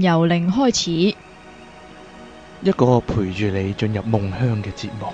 由零開始，一個陪住你進入夢鄉嘅節目。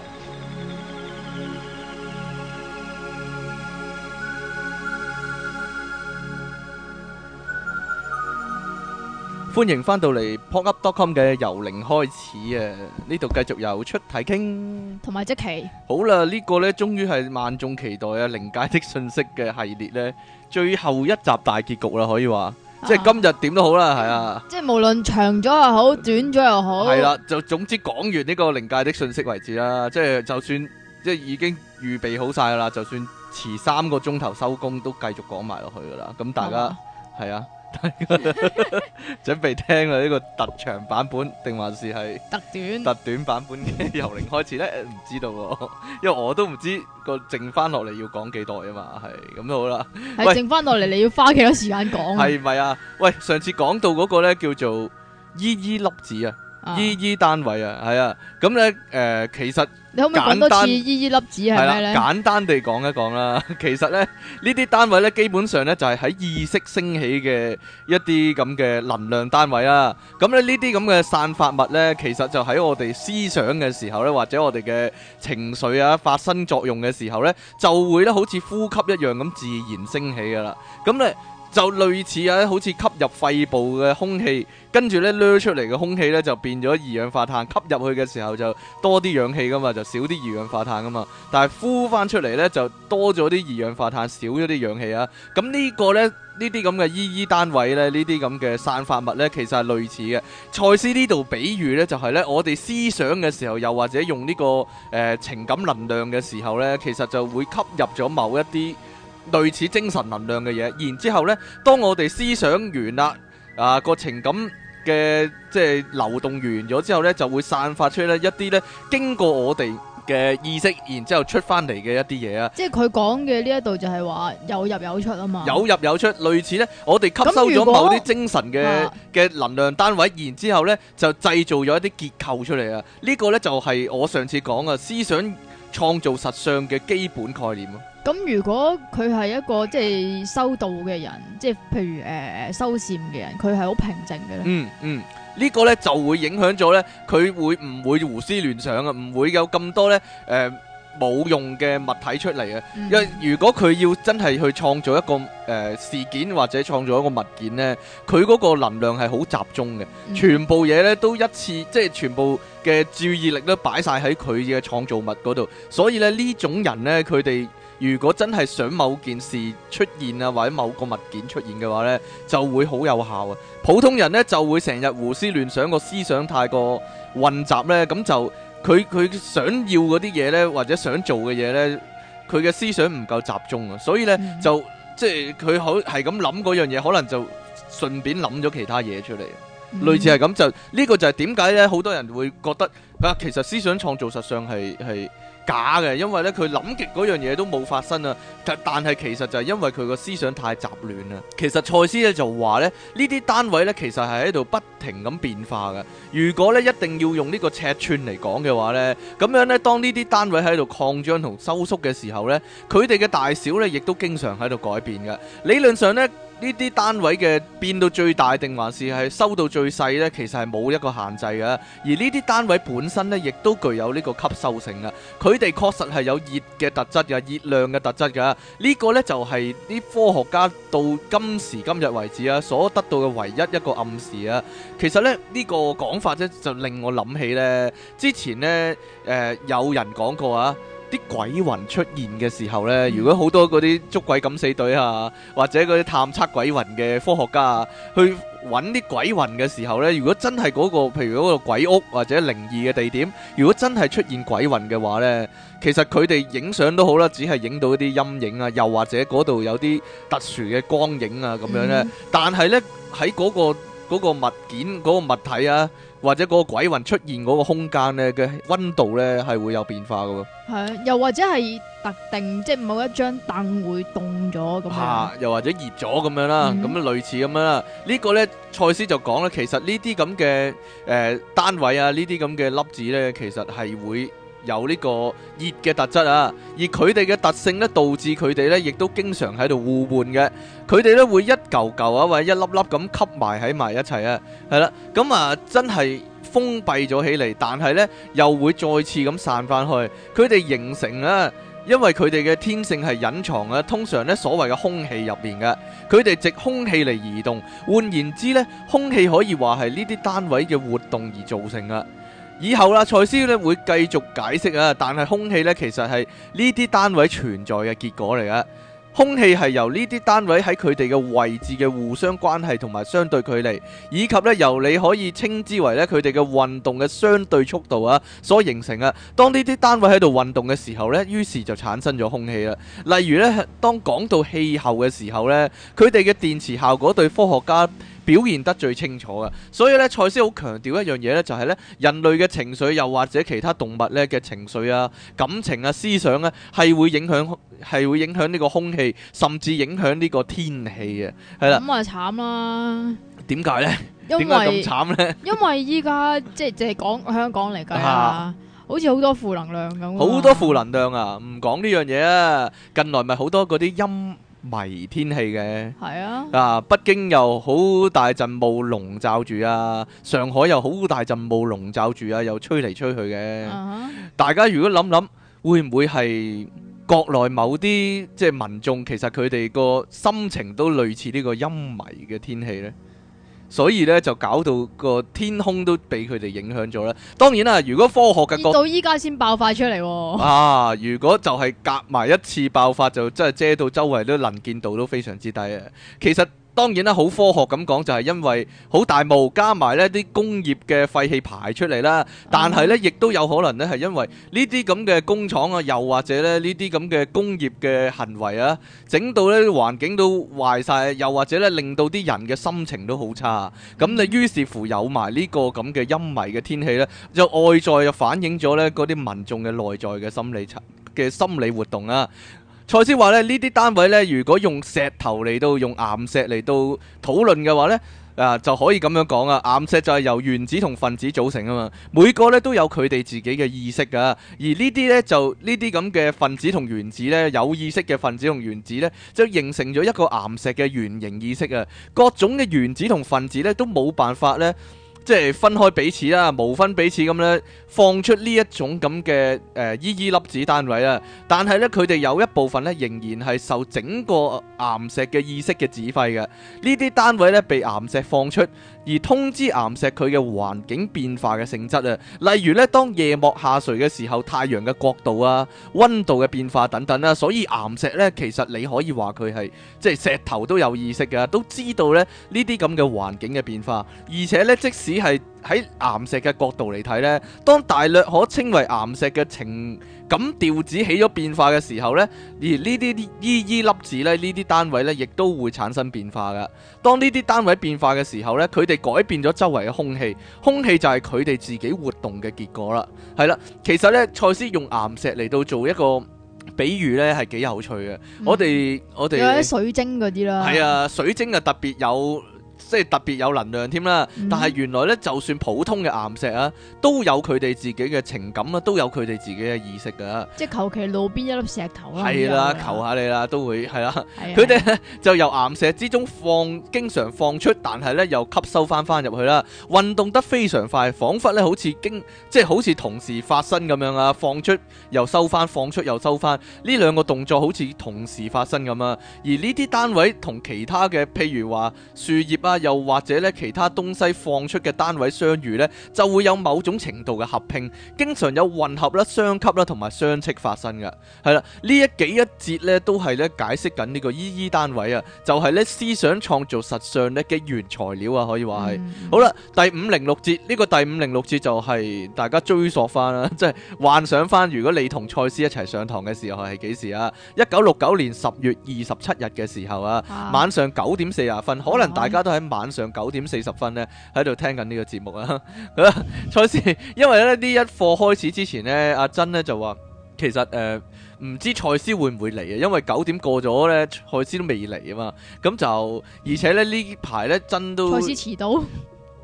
歡迎翻到嚟扑噏 dotcom 嘅由零開始啊！呢度繼續由出題傾，同埋即期。好啦，呢個咧，終於係萬眾期待啊！靈界的訊息嘅系列咧，最後一集大結局啦，可以話。即係今日點都好啦，係啊！啊，即係無論長咗又好，短咗又好，係啦、啊。就總之講完呢個靈界的訊息為止啦。即係就算即係已經預備好晒啦，就算遲三個鐘頭收工都繼續講埋落去噶啦。咁大家係啊。 準備聽啊！呢個特長版本定還是係特短？特短版本嘅由零開始咧，唔知道，因為我都唔知個剩翻落嚟要講幾耐啊嘛，係咁都好啦。係是喂剩翻落嚟，你要花幾多時間講？係咪啊？喂，上次講到嗰個咧叫做依依粒子啊！依依單位啊，係啊，咁咧誒，其實你可唔可以講多次依依粒子係咪咧？簡單地講一講啦，其實咧呢啲單位咧，基本上咧就係喺意識升起嘅一啲咁嘅能量單位啦。咁咧呢啲咁嘅散發物咧，其實就喺我哋思想嘅時候咧，或者我哋嘅情緒啊發生作用嘅時候咧，就會咧好似呼吸一樣咁自然升起噶啦。咁、嗯、咧。嗯就類似啊，好似吸入肺部嘅空氣，跟住咧掠出嚟嘅空氣咧就變咗二氧化碳。吸入去嘅時候就多啲氧氣噶嘛，就少啲二氧化碳噶嘛。但係呼翻出嚟咧就多咗啲二氧化碳，少咗啲氧氣啊。咁呢個咧，呢啲咁嘅 EE 單位咧，呢啲咁嘅散發物咧，其實係類似嘅。賽斯呢度比喻咧就係咧我哋思想嘅時候，又或者用呢個誒情感能量嘅時候咧，其實就會吸入咗某一啲。類似精神能量嘅嘢，然之後咧，當我哋思想完啦，啊、呃、個情感嘅即係流動完咗之後呢，就會散發出咧一啲呢經過我哋嘅意識，然之後出翻嚟嘅一啲嘢啊。即係佢講嘅呢一度就係話有入有出啊嘛。有入有出，類似呢，我哋吸收咗某啲精神嘅嘅能量單位，然之後咧就製造咗一啲結構出嚟啊。呢、呢個呢，就係、是、我上次講嘅思想。創造實相嘅基本概念咯。咁如果佢係一個即係修道嘅人，即係譬如誒修禪嘅人，佢係好平靜嘅咧。嗯嗯，呢個咧就會影響咗咧，佢會唔會胡思亂想啊？唔會有咁多咧誒。呃冇用嘅物體出嚟嘅，因為如果佢要真係去創造一個誒、呃、事件或者創造一個物件呢，佢嗰個能量係好集中嘅，全部嘢呢都一次，即係全部嘅注意力都擺晒喺佢嘅創造物嗰度，所以咧呢種人呢，佢哋如果真係想某件事出現啊，或者某個物件出現嘅話呢，就會好有效啊。普通人呢，就會成日胡思亂想，個思想太過混雜呢。咁就。佢佢想要嗰啲嘢呢，或者想做嘅嘢呢，佢嘅思想唔夠集中啊，所以呢，mm hmm. 就即係佢好係咁諗嗰樣嘢，可能就順便諗咗其他嘢出嚟，mm hmm. 類似係咁就呢，呢個就係點解呢？好多人會覺得啊，其實思想創造實上係。係。假嘅，因為咧佢諗極嗰樣嘢都冇發生啊！但但係其實就係因為佢個思想太雜亂啦。其實賽斯咧就話咧，呢啲單位咧其實係喺度不停咁變化嘅。如果咧一定要用呢個尺寸嚟講嘅話咧，咁樣咧當呢啲單位喺度擴張同收縮嘅時候咧，佢哋嘅大小咧亦都經常喺度改變嘅。理論上咧。呢啲單位嘅變到最大定還是係收到最細呢？其實係冇一個限制嘅。而呢啲單位本身呢，亦都具有呢個吸收性啦。佢哋確實係有熱嘅特質嘅，熱量嘅特質嘅。呢、這個呢，就係、是、啲科學家到今時今日為止啊所得到嘅唯一一個暗示啊。其實呢，呢、這個講法呢，就令我諗起呢之前呢，誒、呃、有人講過啊。啲鬼魂出現嘅時候呢，如果好多嗰啲捉鬼敢死隊啊，或者嗰啲探測鬼魂嘅科學家啊，去揾啲鬼魂嘅時候呢，如果真係嗰個，譬如嗰個鬼屋或者靈異嘅地點，如果真係出現鬼魂嘅話呢，其實佢哋影相都好啦，只係影到一啲陰影啊，又或者嗰度有啲特殊嘅光影啊咁樣呢。但係呢，喺嗰個。嗰個物件、嗰、那個物體啊，或者嗰個鬼魂出現嗰個空間咧嘅溫度咧，係會有變化嘅喎。係，又或者係特定即係某一張凳會凍咗咁樣、啊，又或者熱咗咁樣啦，咁樣、mm hmm. 類似咁樣啦。這個、呢個咧，賽斯就講咧，其實呢啲咁嘅誒單位啊，這這呢啲咁嘅粒子咧，其實係會。有呢個熱嘅特質啊，而佢哋嘅特性呢，導致佢哋呢亦都經常喺度互換嘅。佢哋呢會一嚿嚿啊，或者一粒粒咁吸埋喺埋一齊啊，係啦，咁啊真係封閉咗起嚟。但係呢又會再次咁散翻去。佢哋形成啊，因為佢哋嘅天性係隱藏啊，通常呢，所謂嘅空氣入面嘅，佢哋藉空氣嚟移動。換言之呢，空氣可以話係呢啲單位嘅活動而造成啊。以後啦，賽斯咧會繼續解釋啊。但係空氣咧，其實係呢啲單位存在嘅結果嚟嘅。空氣係由呢啲單位喺佢哋嘅位置嘅互相關係同埋相對距離，以及咧由你可以稱之為咧佢哋嘅運動嘅相對速度啊所形成啊。當呢啲單位喺度運動嘅時候咧，於是就產生咗空氣啦。例如咧，當講到氣候嘅時候咧，佢哋嘅電磁效果對科學家表現得最清楚嘅，所以咧，賽斯好強調一樣嘢咧，就係咧，人類嘅情緒，又或者其他動物咧嘅情緒啊、感情啊、思想咧、啊，係會影響，係會影響呢個空氣，甚至影響呢個天氣嘅，係啦。咁、嗯、啊，啊，慘啦！點解咧？點解咁慘咧？因為依家即係即係講香港嚟㗎啦，啊、好似好多負能量咁、啊，好多負能量啊！唔講呢樣嘢啊，近來咪好多嗰啲陰迷天氣嘅，係啊，啊，北京又好大陣霧籠罩住啊，上海又好大陣霧籠罩住啊，又吹嚟吹去嘅。Uh huh. 大家如果諗諗，會唔會係國內某啲即係民眾，其實佢哋個心情都類似呢個陰霾嘅天氣呢？所以咧就搞到個天空都俾佢哋影響咗啦。當然啦、啊，如果科學嘅角度到依家先爆發出嚟，哦、啊！如果就係夾埋一次爆發，就真係遮到周圍都能見度都非常之低啊。其實。當然啦，好科學咁講就係因為好大霧加埋呢啲工業嘅廢氣排出嚟啦。但係呢，亦都有可能呢係因為呢啲咁嘅工廠啊，又或者呢呢啲咁嘅工業嘅行為啊，整到呢環境都壞晒，又或者呢令到啲人嘅心情都好差。咁你於是乎有埋呢個咁嘅陰霾嘅天氣呢，就外在又反映咗呢嗰啲民眾嘅內在嘅心理差嘅心理活動啊。賽斯話咧：呢啲單位呢，如果用石頭嚟到用岩石嚟到討論嘅話呢，啊就可以咁樣講啊！岩石就係由原子同分子組成啊嘛，每個呢都有佢哋自己嘅意識噶。而呢啲呢，就呢啲咁嘅分子同原子呢，有意識嘅分子同原子呢就形成咗一個岩石嘅圓形意識啊！各種嘅原子同分子呢，都冇辦法呢。即係分開彼此啦，無分彼此咁咧，放出呢一種咁嘅誒依依粒子單位啦。但係咧，佢哋有一部分咧仍然係受整個岩石嘅意識嘅指揮嘅。呢啲單位咧被岩石放出，而通知岩石佢嘅環境變化嘅性質啊。例如咧，當夜幕下垂嘅時候，太陽嘅角度啊、温度嘅變化等等啦。所以岩石咧，其實你可以話佢係即係石頭都有意識嘅都知道咧呢啲咁嘅環境嘅變化，而且咧即使係喺岩石嘅角度嚟睇呢，當大略可稱為岩石嘅情感調子起咗變化嘅時候呢，而呢啲啲依依粒子呢，呢啲單位呢，亦都會產生變化噶。當呢啲單位變化嘅時候呢，佢哋改變咗周圍嘅空氣，空氣就係佢哋自己活動嘅結果啦。係啦，其實呢，賽斯用岩石嚟到做一個比喻呢係幾有趣嘅，嗯。我哋我哋有啲水晶嗰啲啦，係啊，水晶就特別有。即係特別有能量添啦，但係原來咧，就算普通嘅岩石啊，都有佢哋自己嘅情感啊都有佢哋自己嘅意識噶。即係求其路邊一粒石頭啦，係啦的，求下你啦，都會係啦。佢哋咧就由岩石之中放，經常放出，但係咧又吸收翻翻入去啦。運動得非常快，仿佛咧好似經即係、就是、好似同時發生咁樣啊！放出又收翻，放出又收翻，呢兩個動作好似同時發生咁啊！而呢啲單位同其他嘅，譬如話樹葉啊。又或者咧，其他東西放出嘅單位相遇呢，就會有某種程度嘅合併，經常有混合啦、相吸啦同埋相斥發生嘅。係啦，呢一幾一節咧，都係咧解釋緊呢個依、e、依、e、單位啊，就係、是、咧思想創造實相呢嘅原材料啊，可以話係。嗯、好啦，第五零六節呢個第五零六節就係大家追溯翻啦，即 係幻想翻。如果你同賽斯一齊上堂嘅時候係幾時啊？一九六九年十月二十七日嘅時候啊，啊晚上九點四十啊分，啊可能大家都喺。.晚上九點四十分呢，喺度聽緊呢個節目啊，賽斯，因為咧呢一課開始之前呢，阿珍呢就話其實誒唔知賽斯會唔會嚟啊，因為九點過咗呢，賽斯都未嚟啊嘛，咁就而且咧呢排呢，真都賽斯遲到。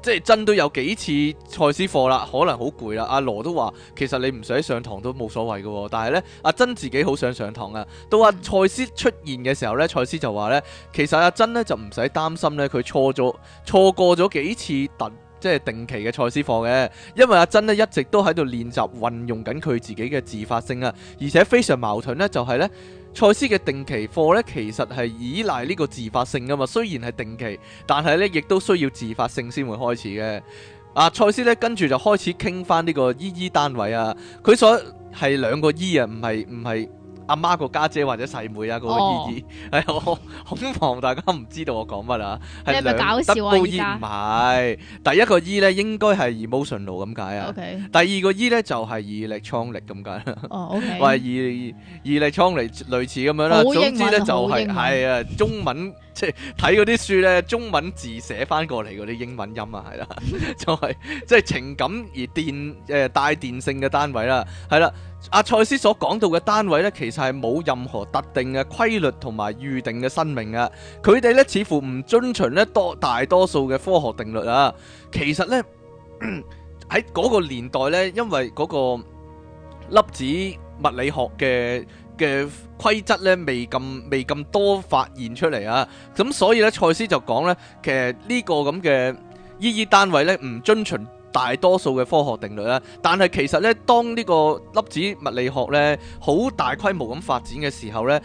即係真都有幾次賽斯課啦，可能好攰啦。阿羅都話其實你唔使上堂都冇所謂嘅喎，但係呢，阿珍自己好想上堂啊。到阿賽斯出現嘅時候呢，賽斯就話呢，其實阿珍呢就唔使擔心呢，佢錯咗錯過咗幾次定即係定期嘅賽斯課嘅，因為阿珍呢一直都喺度練習運用緊佢自己嘅自發性啊，而且非常矛盾呢，就係呢。賽斯嘅定期課呢，其實係依賴呢個自發性噶嘛。雖然係定期，但係呢亦都需要自發性先會開始嘅。阿賽斯呢跟住就開始傾翻呢個 EE 單位啊，佢所係兩個 E 啊，唔係唔係。阿媽個家姐，姐或者細妹啊，嗰個姨姨，係、哎、我恐防大家唔知道我講乜啊。係兩，第一個 E 唔係，第一個 E 咧應該係 emotional 咁解啊。Okay 第二個 E 咧就係二力倉力咁解啦。或二二力倉力類似咁樣啦。總之咧就係係啊，中文即係睇嗰啲書咧，中文字寫翻過嚟嗰啲英文音啊，係啦，就係即係情感而電誒、呃、帶電性嘅單位啦，係啦。阿賽、啊、斯所講到嘅單位呢，其實係冇任何特定嘅規律同埋預定嘅生命啊！佢哋呢，似乎唔遵循呢多大多數嘅科學定律啊！其實呢，喺嗰個年代呢，因為嗰個粒子物理學嘅嘅規則呢，未咁未咁多發現出嚟啊！咁所以呢，賽斯就講呢，其實呢個咁嘅意義單位呢，唔遵循。大多數嘅科學定律啦，但係其實咧，當呢個粒子物理學咧好大規模咁發展嘅時候咧，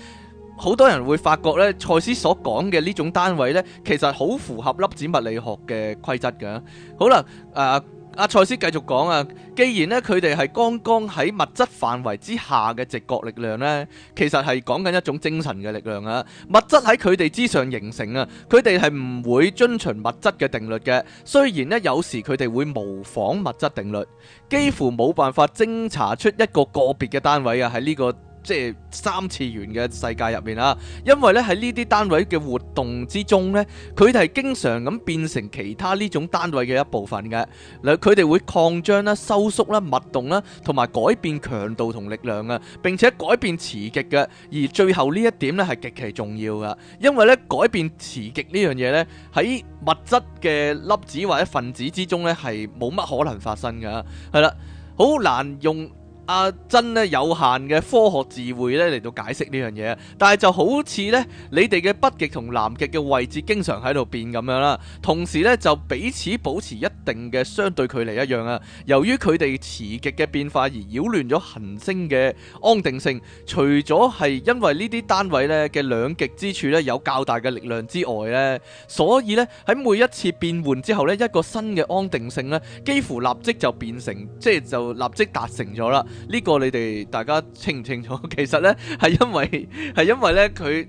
好多人會發覺咧，賽斯所講嘅呢種單位咧，其實好符合粒子物理學嘅規則嘅。好啦，誒、呃。啊，賽斯繼續講啊，既然咧佢哋係剛剛喺物質範圍之下嘅直覺力量咧，其實係講緊一種精神嘅力量啊。物質喺佢哋之上形成啊，佢哋係唔會遵循物質嘅定律嘅。雖然咧有時佢哋會模仿物質定律，幾乎冇辦法偵查出一個個別嘅單位啊喺呢個。即係三次元嘅世界入面啊，因為咧喺呢啲單位嘅活動之中呢，佢哋係經常咁變成其他呢種單位嘅一部分嘅。嗱，佢哋會擴張啦、收縮啦、脈動啦，同埋改變強度同力量啊。並且改變磁極嘅，而最後呢一點呢係極其重要噶，因為呢改變磁極呢樣嘢呢，喺物質嘅粒子或者分子之中呢，係冇乜可能發生嘅。係啦，好難用。阿、啊、真咧有限嘅科學智慧咧嚟到解釋呢樣嘢，但係就好似咧你哋嘅北極同南極嘅位置經常喺度變咁樣啦，同時呢，就彼此保持一定嘅相對距離一樣啊。由於佢哋磁極嘅變化而擾亂咗行星嘅安定性，除咗係因為呢啲單位咧嘅兩極之處咧有較大嘅力量之外呢，所以呢，喺每一次變換之後呢，一個新嘅安定性咧幾乎立即就變成，即、就、係、是、就立即達成咗啦。呢個你哋大家清唔清楚？其實呢，係因為係因為呢佢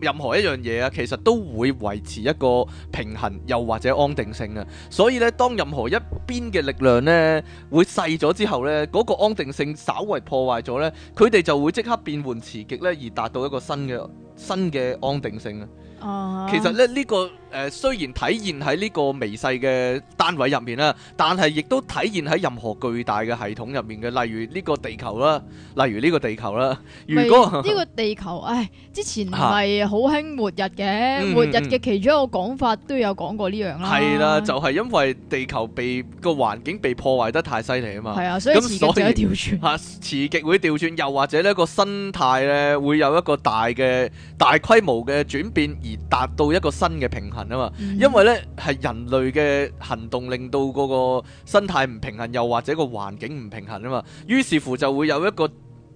任何一樣嘢啊，其實都會維持一個平衡，又或者安定性啊。所以呢，當任何一邊嘅力量呢會細咗之後呢，嗰個安定性稍微破壞咗呢，佢哋就會即刻變換磁極呢，而達到一個新嘅新嘅安定性啊。哦、uh，huh. 其實呢，呢個。誒、呃，雖然體現喺呢個微細嘅單位入面啦，但係亦都體現喺任何巨大嘅系統入面嘅，例如呢個地球啦，例如呢個地球啦。如果呢個地球，唉，之前係好興末日嘅，啊、末日嘅其中一個講法都有講過呢樣啦。係、嗯、啦，就係、是、因為地球被個環境被破壞得太犀利啊嘛。係啊，所以，所以磁極就會調轉。吓、啊，磁極會調轉，又或者咧個生態咧會有一個大嘅大規模嘅轉變，而達到一個新嘅平衡。啊嘛，因為咧係人類嘅行動令到嗰個生態唔平衡，又或者個環境唔平衡啊嘛，於是乎就會有一個，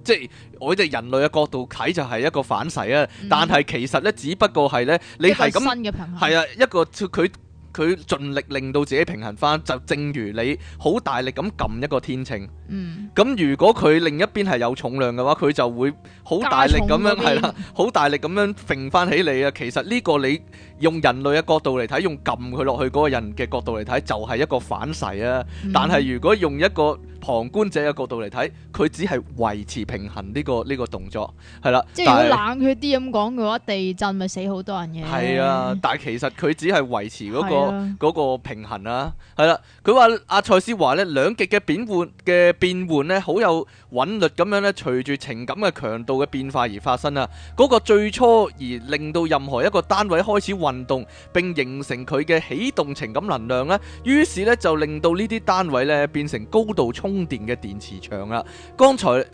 即係我哋人類嘅角度睇就係一個反噬啊，嗯、但係其實咧只不過係咧，你係咁，係啊，一個佢。佢盡力令到自己平衡翻，就正如你好大力咁撳一個天秤，咁、嗯、如果佢另一邊係有重量嘅話，佢就會好大力咁樣係啦，好大力咁樣揈翻起你啊！其實呢個你用人類嘅角度嚟睇，用撳佢落去嗰個人嘅角度嚟睇，就係、是、一個反噬啊！嗯、但係如果用一個旁觀者嘅角度嚟睇，佢只係維持平衡呢、這個呢、呢個動作係啦。即係如果冷血啲咁講嘅話，地震咪死好多人嘅。係啊，但係其實佢只係維持嗰、嗰個、了個平衡啊。係啦，佢話阿賽斯話咧，兩極嘅變換嘅變換咧，好有韻律咁樣咧，隨住情感嘅強度嘅變化而發生啊。嗰、嗰個最初而令到任何一個單位開始運動並形成佢嘅起動情感能量咧，於是呢，就令到呢啲單位咧變成高度充通電嘅電磁場啦，剛才。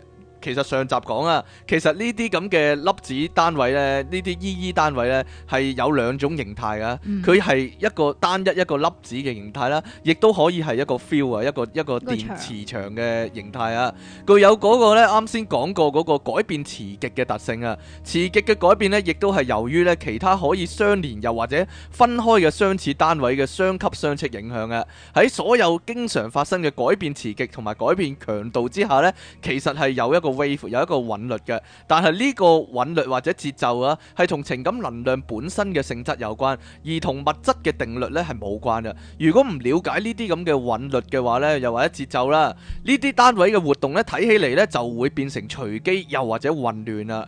其實上集講啊，其實呢啲咁嘅粒子單位咧，呢啲 EE 單位咧係有兩種形態啊，佢係、嗯、一個單一一個粒子嘅形態啦，亦都可以係一個 field 啊，一個一個電磁場嘅形態啊。具有個個咧啱先講過個改變磁極嘅特性啊，磁極嘅改變咧，亦都係由於咧其他可以相連又或者分開嘅相似單位嘅雙極相斥影響啊。喺所有經常發生嘅改變磁極同埋改變強度之下咧，其實係有一個，wave 有一個韻律嘅，但係呢個韻律或者節奏啊，係同情感能量本身嘅性質有關，而同物質嘅定律呢係冇關嘅。如果唔了解呢啲咁嘅韻律嘅話呢，又或者節奏啦，呢啲單位嘅活動呢，睇起嚟呢就會變成隨機又或者混亂啊。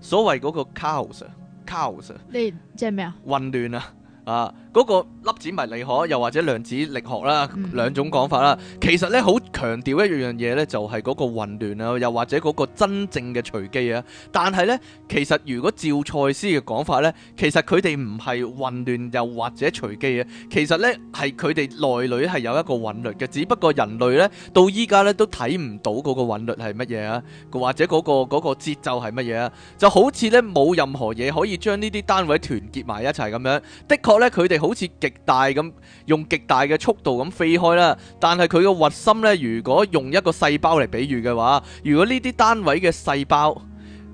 所謂嗰個 chaos，chaos，你即係咩啊？混亂啊！啊！嗰個粒子物理學又或者量子力學啦，兩種講法啦，其實咧好強調一樣嘢咧，就係嗰個混亂啊，又或者嗰個真正嘅隨機啊。但係咧，其實如果照賽斯嘅講法咧，其實佢哋唔係混亂又或者隨機啊，其實咧係佢哋內裏係有一個韻律嘅，只不過人類咧到依家咧都睇唔到嗰個韻律係乜嘢啊，或者嗰個嗰個節奏係乜嘢啊，就好似咧冇任何嘢可以將呢啲單位團結埋一齊咁樣，的確咧，佢哋好似極大咁，用極大嘅速度咁飛開啦。但係佢個核心呢，如果用一個細胞嚟比喻嘅話，如果呢啲單位嘅細胞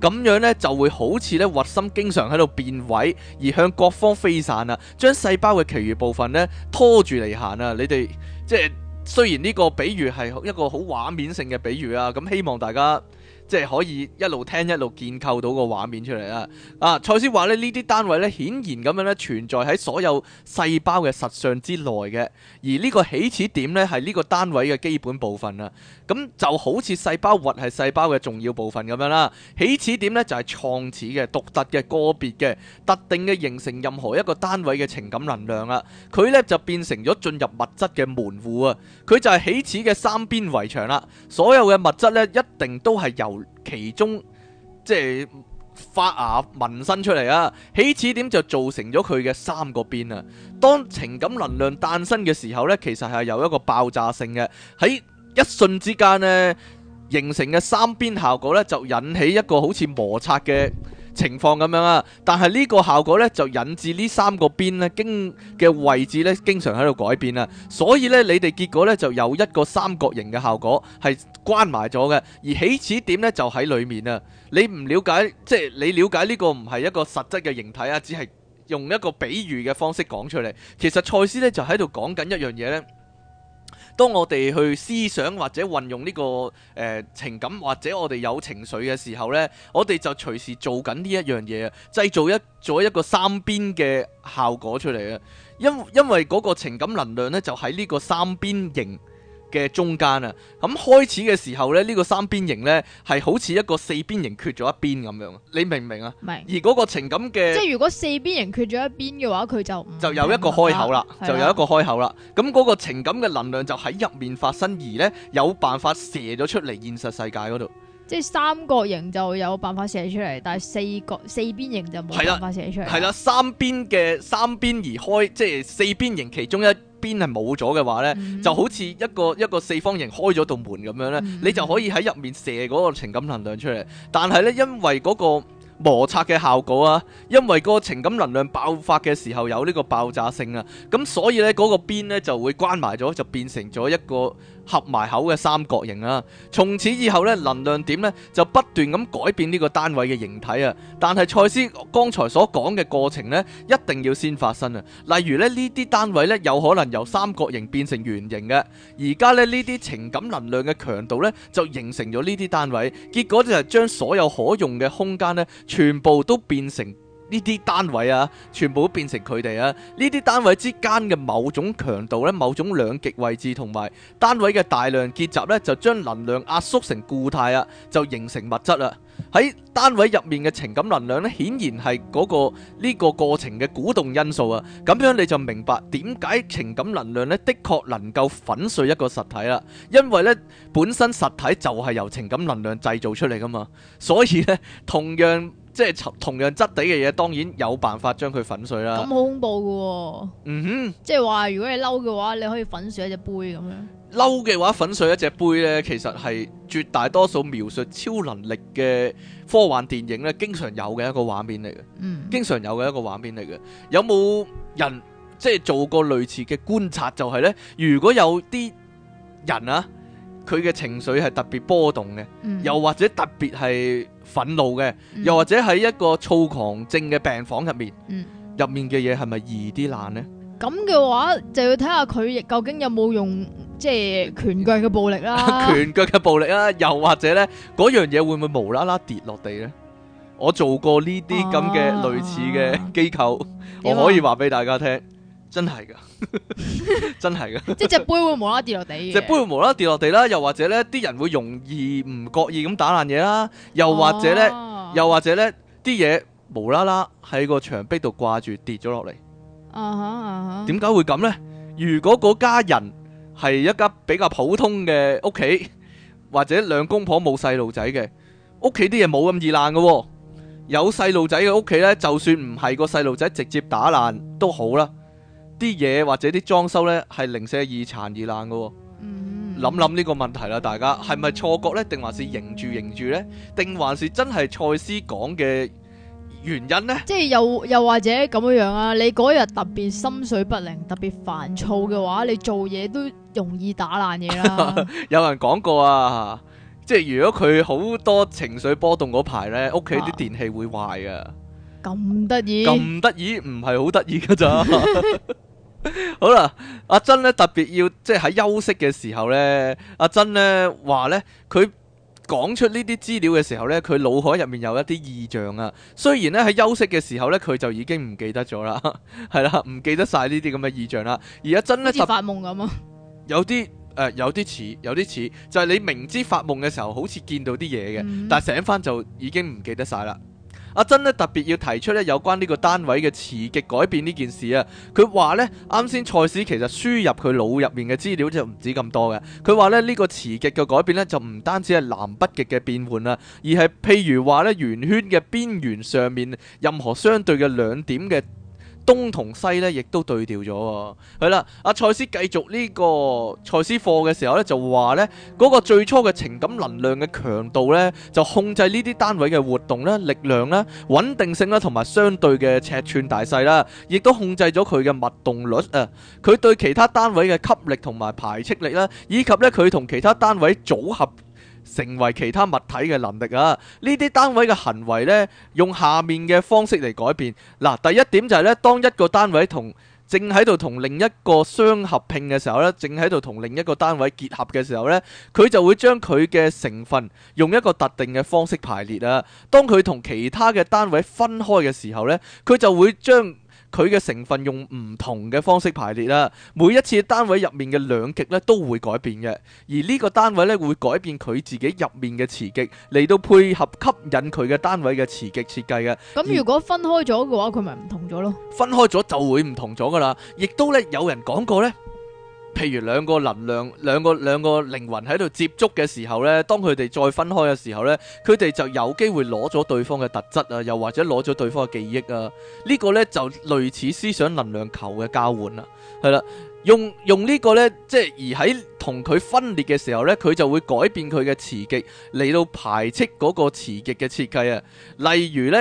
咁樣呢，就會好似呢核心經常喺度變位而向各方飛散啦，將細胞嘅其餘部分呢拖住嚟行啊！你哋即係雖然呢個比喻係一個好畫面性嘅比喻啊，咁希望大家。即係可以一路聽一路建構到個畫面出嚟啦。啊，賽斯話咧，呢啲單位咧顯然咁樣咧存在喺所有細胞嘅實相之內嘅，而呢個起始點咧係呢個單位嘅基本部分啦。咁就好似細胞核係細胞嘅重要部分咁樣啦。起始點呢就係創始嘅獨特嘅個別嘅特定嘅形成任何一個單位嘅情感能量啦。佢呢就變成咗進入物質嘅門戶啊！佢就係起始嘅三邊圍牆啦。所有嘅物質呢，一定都係由其中即係發芽紋身出嚟啊，起始點就造成咗佢嘅三個邊啊。當情感能量誕生嘅時候呢，其實係有一個爆炸性嘅，喺一瞬之間呢，形成嘅三邊效果呢，就引起一個好似摩擦嘅。情況咁樣啊，但係呢個效果呢，就引致呢三個邊咧經嘅位置呢，經常喺度改變啊。所以呢，你哋結果呢，就有一個三角形嘅效果係關埋咗嘅，而起始點呢，就喺裏面啊！你唔了解，即係你了解呢個唔係一個實質嘅形體啊，只係用一個比喻嘅方式講出嚟。其實賽斯呢，就喺度講緊一樣嘢呢。當我哋去思想或者運用呢、這個誒、呃、情感或者我哋有情緒嘅時候呢，我哋就隨時做緊呢一樣嘢，製造一咗一個三邊嘅效果出嚟啊！因因為嗰個情感能量呢，就喺呢個三邊形嘅中間啊，咁、嗯、開始嘅時候咧，呢、這個三邊形咧係好似一個四邊形缺咗一邊咁樣，你明唔明啊？明。而嗰個情感嘅即係如果四邊形缺咗一邊嘅話，佢就就有一個開口啦，就有一個開口啦。咁嗰是的 個情感嘅能量就喺入面發生而呢，而咧有辦法射咗出嚟現實世界嗰度。即係三角形就有辦法射出嚟，但係四角四邊形就冇辦法射出嚟。係啦，三邊嘅三邊而開，即係四邊形其中一，邊係冇咗嘅話呢，就好似一個一個四方形開咗道門咁樣呢，你就可以喺入面射嗰個情感能量出嚟。但係呢，因為嗰個摩擦嘅效果啊，因為嗰個情感能量爆發嘅時候有呢個爆炸性啊，咁所以呢，嗰、嗰個邊呢就會關埋咗，就變成咗一個。合埋口嘅三角形啊，從此以後咧能量點咧就不斷咁改變呢個單位嘅形體啊。但係賽斯剛才所講嘅過程咧，一定要先發生啊。例如咧呢啲單位咧有可能由三角形變成圓形嘅，而家咧呢啲情感能量嘅強度咧就形成咗呢啲單位，結果就係將所有可用嘅空間咧全部都變成。呢啲單位啊，全部都變成佢哋啊！呢啲單位之間嘅某種強度呢，某種兩極位置同埋單位嘅大量結集呢，就將能量壓縮成固態啊，就形成物質啦。喺單位入面嘅情感能量呢，顯然係嗰個呢個過程嘅鼓動因素啊。咁樣你就明白點解情感能量呢，的確能夠粉碎一個實體啦。因為呢，本身實體就係由情感能量製造出嚟㗎嘛，所以呢，同樣。即係同同樣質地嘅嘢，當然有辦法將佢粉碎啦。咁好恐怖㗎喎，嗯哼。即係話，如果你嬲嘅話，你可以粉碎一隻杯咁樣。嬲嘅話，粉碎一隻杯咧，其實係絕大多數描述超能力嘅科幻電影咧，經常有嘅一個畫面嚟嘅。嗯，經常有嘅一個畫面嚟嘅。有冇人即係做過類似嘅觀察？就係咧，如果有啲人啊。佢嘅情緒係特別波動嘅，嗯、又或者特別係憤怒嘅，嗯、又或者喺一個躁狂症嘅病房入面，入、嗯、面嘅嘢係咪易啲爛呢？咁嘅話就要睇下佢究竟有冇用即係拳腳嘅暴力啦，拳腳嘅暴力啦、啊 啊，又或者呢，嗰樣嘢會唔會無啦啦跌落地呢？我做過呢啲咁嘅類似嘅機構，啊、 我可以話俾大家聽。 真係噶，真係噶，即係隻杯會無啦跌落地嘅，隻杯會無啦跌落地啦。又或者呢啲人會容易唔覺意咁打爛嘢啦。又或者呢，又或者呢啲嘢無啦啦喺個牆壁度掛住跌咗落嚟。啊哈啊哈。點解會咁呢？如果嗰家人係一家比較普通嘅屋企，或者兩公婆冇細路仔嘅屋企，啲嘢冇咁易爛嘅喎。有細路仔嘅屋企呢，就算唔係個細路仔直接打爛都好啦。啲嘢或者啲裝修呢係零舍易殘易爛嘅喎。哦，諗諗呢個問題啦，大家係咪錯覺呢？定還是認住認住呢？定還是真係賽斯講嘅原因呢？即係又又或者咁樣啊？你嗰日特別心水不靈，特別煩躁嘅話，你做嘢都容易打爛嘢啦。 有人講過啊，即係如果佢好多情緒波動嗰排呢，屋企啲電器會壞嘅。咁得意？咁得意唔係好得意嘅咋？ 好啦，阿珍咧特別要，即係喺休息嘅時候呢。阿珍呢話呢，佢講出呢啲資料嘅時候呢，佢腦海入面有一啲意象啊。雖然呢喺休息嘅時候呢，佢就已經唔記得咗啦，係啦，唔記得晒呢啲咁嘅意象啦。而阿珍呢夢、啊、特別發夢咁有啲誒，有啲似、呃，有啲似，就係、是、你明知發夢嘅時候，好似見到啲嘢嘅，嗯嗯但醒翻就已經唔記得晒啦。阿珍咧特別要提出咧有關呢個單位嘅磁極改變呢件事啊，佢話呢，啱先賽斯其實輸入佢腦入面嘅資料就唔止咁多嘅，佢話咧呢個磁極嘅改變呢，就唔單止係南北極嘅變換啦，而係譬如話呢圓圈嘅邊緣上面任何相對嘅兩點嘅。東同西咧，亦都對調咗喎。係啦，阿賽斯繼續呢個賽斯課嘅時候咧，就話咧嗰個最初嘅情感能量嘅強度咧，就控制呢啲單位嘅活動啦、力量啦、穩定性啦，同埋相對嘅尺寸大細啦，亦都控制咗佢嘅脈動率啊。佢、呃、對其他單位嘅吸力同埋排斥力啦，以及咧佢同其他單位組合，成為其他物體嘅能力啊！呢啲單位嘅行為呢，用下面嘅方式嚟改變。嗱，第一點就係呢：當一個單位同正喺度同另一個相合併嘅時候呢，正喺度同另一個單位結合嘅時候呢，佢就會將佢嘅成分用一個特定嘅方式排列啊。當佢同其他嘅單位分開嘅時候呢，佢就會將佢嘅成分用唔同嘅方式排列啦，每一次單位入面嘅兩極咧都會改變嘅，而呢個單位咧會改變佢自己入面嘅磁極嚟到配合吸引佢嘅單位嘅磁極設計嘅。咁如果分開咗嘅話，佢咪唔同咗囉？分開咗就會唔同咗㗎喇，亦都咧有人講過咧。譬如兩個能量，兩個兩個靈魂喺度接觸嘅時候呢，當佢哋再分開嘅時候呢，佢哋就有機會攞咗對方嘅特質啊，又或者攞咗對方嘅記憶啊。呢個呢就類似思想能量球嘅交換啦，係啦，用用呢個呢，即係而喺同佢分裂嘅時候呢，佢就會改變佢嘅磁極嚟到排斥嗰個磁極嘅設計啊。例如呢。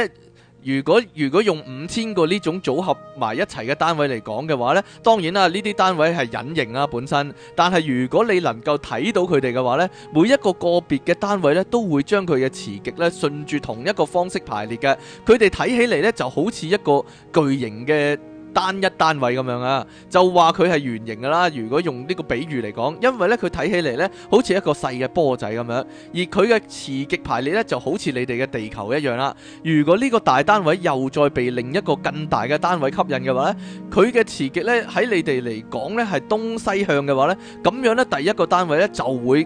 如果如果用五千個呢種組合埋一齊嘅單位嚟講嘅話呢，當然啦，呢啲單位係隱形啊本身。但係如果你能夠睇到佢哋嘅話呢，每一個個別嘅單位呢，都會將佢嘅磁極呢順住同一個方式排列嘅。佢哋睇起嚟呢，就好似一個巨型嘅。單一單位咁樣啊，就話佢係圓形㗎啦。如果用呢個比喻嚟講，因為呢，佢睇起嚟呢好似一個細嘅波仔咁樣，而佢嘅磁極排列呢就好似你哋嘅地球一樣啦。如果呢個大單位又再被另一個更大嘅單位吸引嘅話呢，佢嘅磁極呢喺你哋嚟講呢係東西向嘅話呢，咁樣呢，第一個單位呢就會，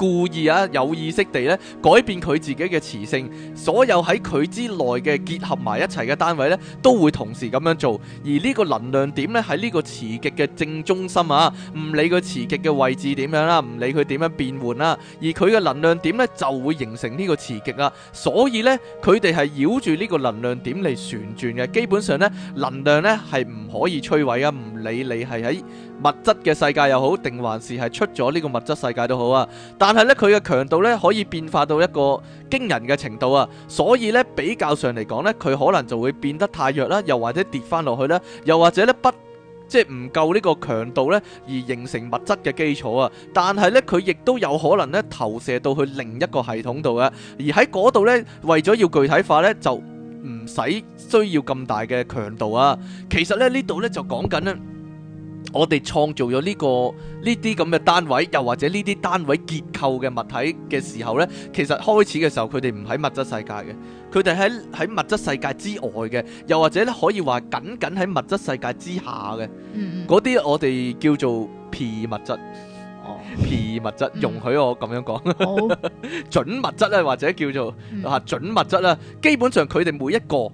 故意啊，有意識地咧改變佢自己嘅磁性，所有喺佢之內嘅結合埋一齊嘅單位咧，都會同時咁樣做。而呢個能量點咧喺呢個磁極嘅正中心啊，唔理佢磁極嘅位置點樣啦，唔理佢點樣變換啦啊，而佢嘅能量點咧就會形成呢個磁極啊。所以咧，佢哋係繞住呢個能量點嚟旋轉嘅。基本上咧，能量咧係唔可以摧毀啊，唔理你係喺物質嘅世界又好，定還是係出咗呢個物質世界都好啊，但但係咧，佢嘅強度咧可以變化到一個驚人嘅程度啊！所以咧，比較上嚟講咧，佢可能就會變得太弱啦，又或者跌翻落去啦，又或者咧不即係唔夠呢個強度咧，而形成物質嘅基礎啊！但係咧，佢亦都有可能咧投射到去另一個系統度啊。而喺嗰度咧，為咗要具體化咧，就唔使需要咁大嘅強度啊！其實咧呢度咧就講緊啊。我哋創造咗呢、呢個呢啲咁嘅單位，又或者呢啲單位結構嘅物體嘅時候呢，其實開始嘅時候佢哋唔喺物質世界嘅，佢哋喺喺物質世界之外嘅，又或者咧可以話僅僅喺物質世界之下嘅，嗰啲、嗯、我哋叫做 P 物質、oh.，P 物質容許我咁樣講，oh. 準物質咧或者叫做吓準物質啦，基本上佢哋每一個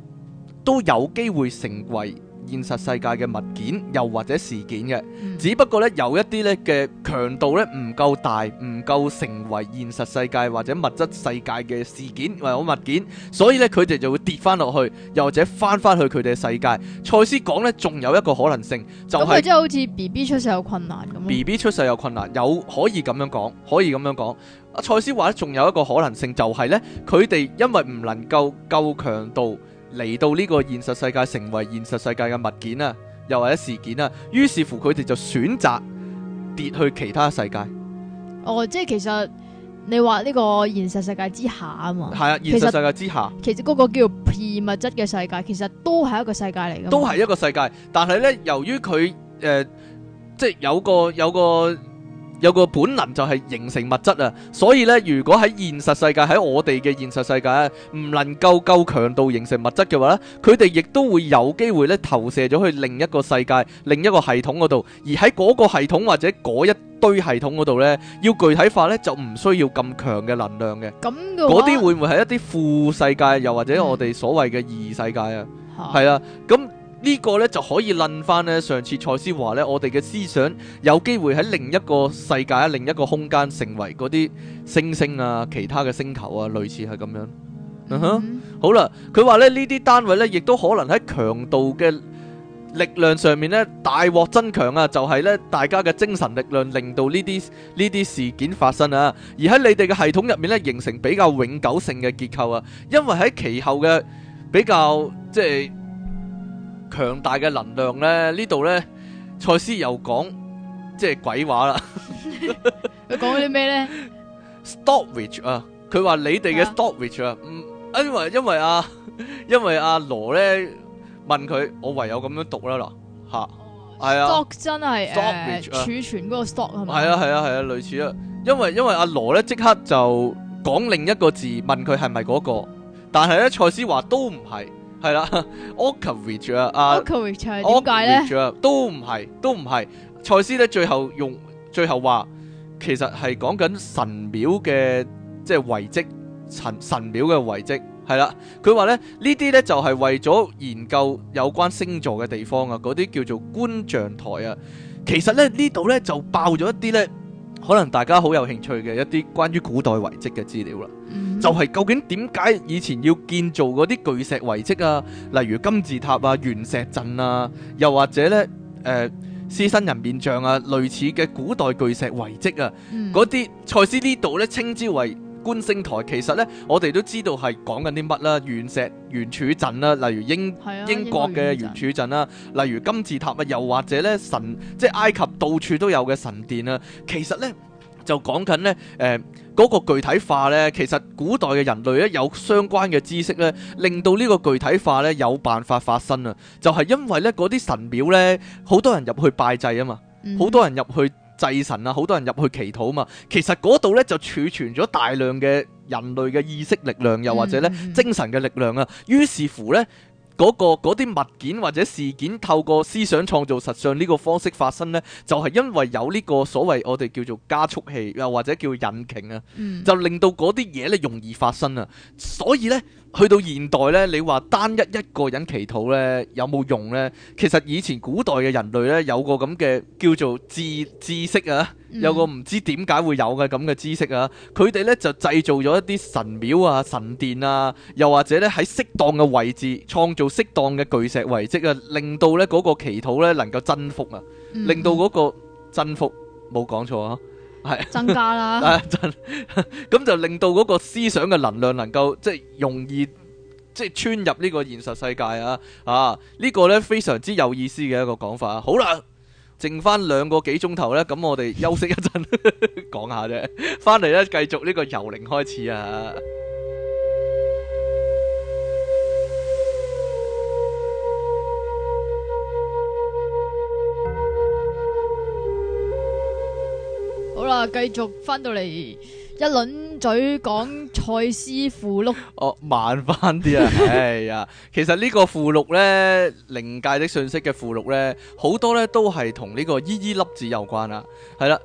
都有機會成為。現實世界嘅物件，又或者事件嘅，嗯、只不過咧有一啲咧嘅強度咧唔夠大，唔夠成為現實世界或者物質世界嘅事件或者物件，所以咧佢哋就會跌翻落去，又或者翻翻去佢哋嘅世界。賽斯講呢，仲有一個可能性就係即係好似 B B 出世有困難咁。B B 出世有困難，有可以咁樣講，可以咁樣講。賽斯話咧，仲有一個可能性就係呢，佢哋因為唔能夠夠強度。嚟到呢個現實世界，成為現實世界嘅物件啊，又或者事件啊，於是乎佢哋就選擇跌去其他世界。哦，即係其實你話呢個現實世界之下啊嘛，係啊實，現實世界之下，其實嗰個叫做 P 物質嘅世界，其實都係一個世界嚟㗎，都係一個世界，但係呢，由於佢誒，即係有個有個。有個有個本能就係形成物質啊，所以咧，如果喺現實世界，喺我哋嘅現實世界唔能夠夠強度形成物質嘅話咧，佢哋亦都會有機會咧投射咗去另一個世界、另一個系統嗰度，而喺嗰個系統或者嗰一堆系統嗰度咧，要具體化咧就唔需要咁強嘅能量嘅。咁嗰啲會唔會係一啲副世界，又或者我哋所謂嘅異世界啊？係啊、嗯，咁。呢個咧就可以論翻咧，上次賽斯話咧，我哋嘅思想有機會喺另一個世界、另一個空間成為嗰啲星星啊，其他嘅星球啊，類似係咁樣。嗯哼，好啦，佢話咧呢啲單位咧，亦都可能喺強度嘅力量上面咧大獲增強啊，就係咧大家嘅精神力量令到呢啲呢啲事件發生啊，而喺你哋嘅系統入面咧形成比較永久性嘅結構啊，因為喺其後嘅比較即係。強大嘅能量咧，呢度咧，賽斯又講即係鬼話啦。佢講啲咩咧？Storage 啊，佢話你哋嘅 storage 啊，因為因為阿因為阿羅咧問佢，我唯有咁樣讀啦嗱吓，係啊、哎，stock 真係誒儲存嗰個 stock 係咪？係啊係啊係啊，啊，啊，類似啊，因為因為阿羅咧即刻就講另一個字，問佢係咪嗰個？但係咧，賽斯話都唔係。係啦 Oklahoma，啊，Oklahoma，點解咧？都唔係，都唔係。賽斯咧，最後用，最後話，其實係講緊神廟嘅即係遺迹，神神廟嘅遺迹。係啦，佢話咧呢啲咧就係、是、為咗研究有關星座嘅地方啊，嗰啲叫做觀象台啊。其實咧呢度咧就爆咗一啲咧。可能大家好有興趣嘅一啲關於古代遺跡嘅資料啦，mm hmm. 就係究竟點解以前要建造嗰啲巨石遺跡啊，例如金字塔啊、圓石陣啊，又或者咧誒獅身人面像啊，類似嘅古代巨石遺跡啊，嗰啲賽斯呢度咧稱之為。觀星台其實呢，我哋都知道係講緊啲乜啦，原石、原柱陣啦，例如英、啊、英國嘅原柱陣啦，嗯、例如金字塔啊，又或者呢神，即係埃及到處都有嘅神殿啊。其實呢，就講緊呢誒嗰、呃那個具體化呢。其實古代嘅人類呢，有相關嘅知識呢，令到呢個具體化呢有辦法發生啊。就係、是、因為呢嗰啲神廟呢，好多人入去拜祭啊嘛，好、嗯、多人入去。祭神啊，好多人入去祈禱啊嘛，其實嗰度呢，就儲存咗大量嘅人類嘅意識力量，又或者呢精神嘅力量啊。於是乎呢，嗰、嗰個嗰啲物件或者事件透過思想創造實相呢個方式發生呢，就係、是、因為有呢個所謂我哋叫做加速器，又或者叫引擎啊，就令到嗰啲嘢呢容易發生啊。所以呢。去到現代咧，你話單一一個人祈禱咧有冇用呢？其實以前古代嘅人類咧有個咁嘅叫做知知識啊，有個唔知點解會有嘅咁嘅知識啊，佢哋咧就製造咗一啲神廟啊、神殿啊，又或者咧喺適當嘅位置創造適當嘅巨石遺跡啊，令到咧嗰個祈禱咧能夠增幅啊，令到嗰個增幅冇講錯啊！係 增加啦，咁 就令到嗰個思想嘅能量能夠即係容易即係、就是、穿入呢個現實世界啊！啊，呢、呢個呢，非常之有意思嘅一個講法。好啦，剩翻兩個幾鐘頭呢，咁我哋休息一陣， 講下啫，翻嚟呢，繼續呢個由零開始啊！好啦，繼續翻到嚟一輪嘴講賽斯附錄。 哦，慢翻啲啊！哎呀，其實呢個附錄咧，靈界的信息嘅附錄咧，好多咧都係同呢個依依粒子有關啦。係啦，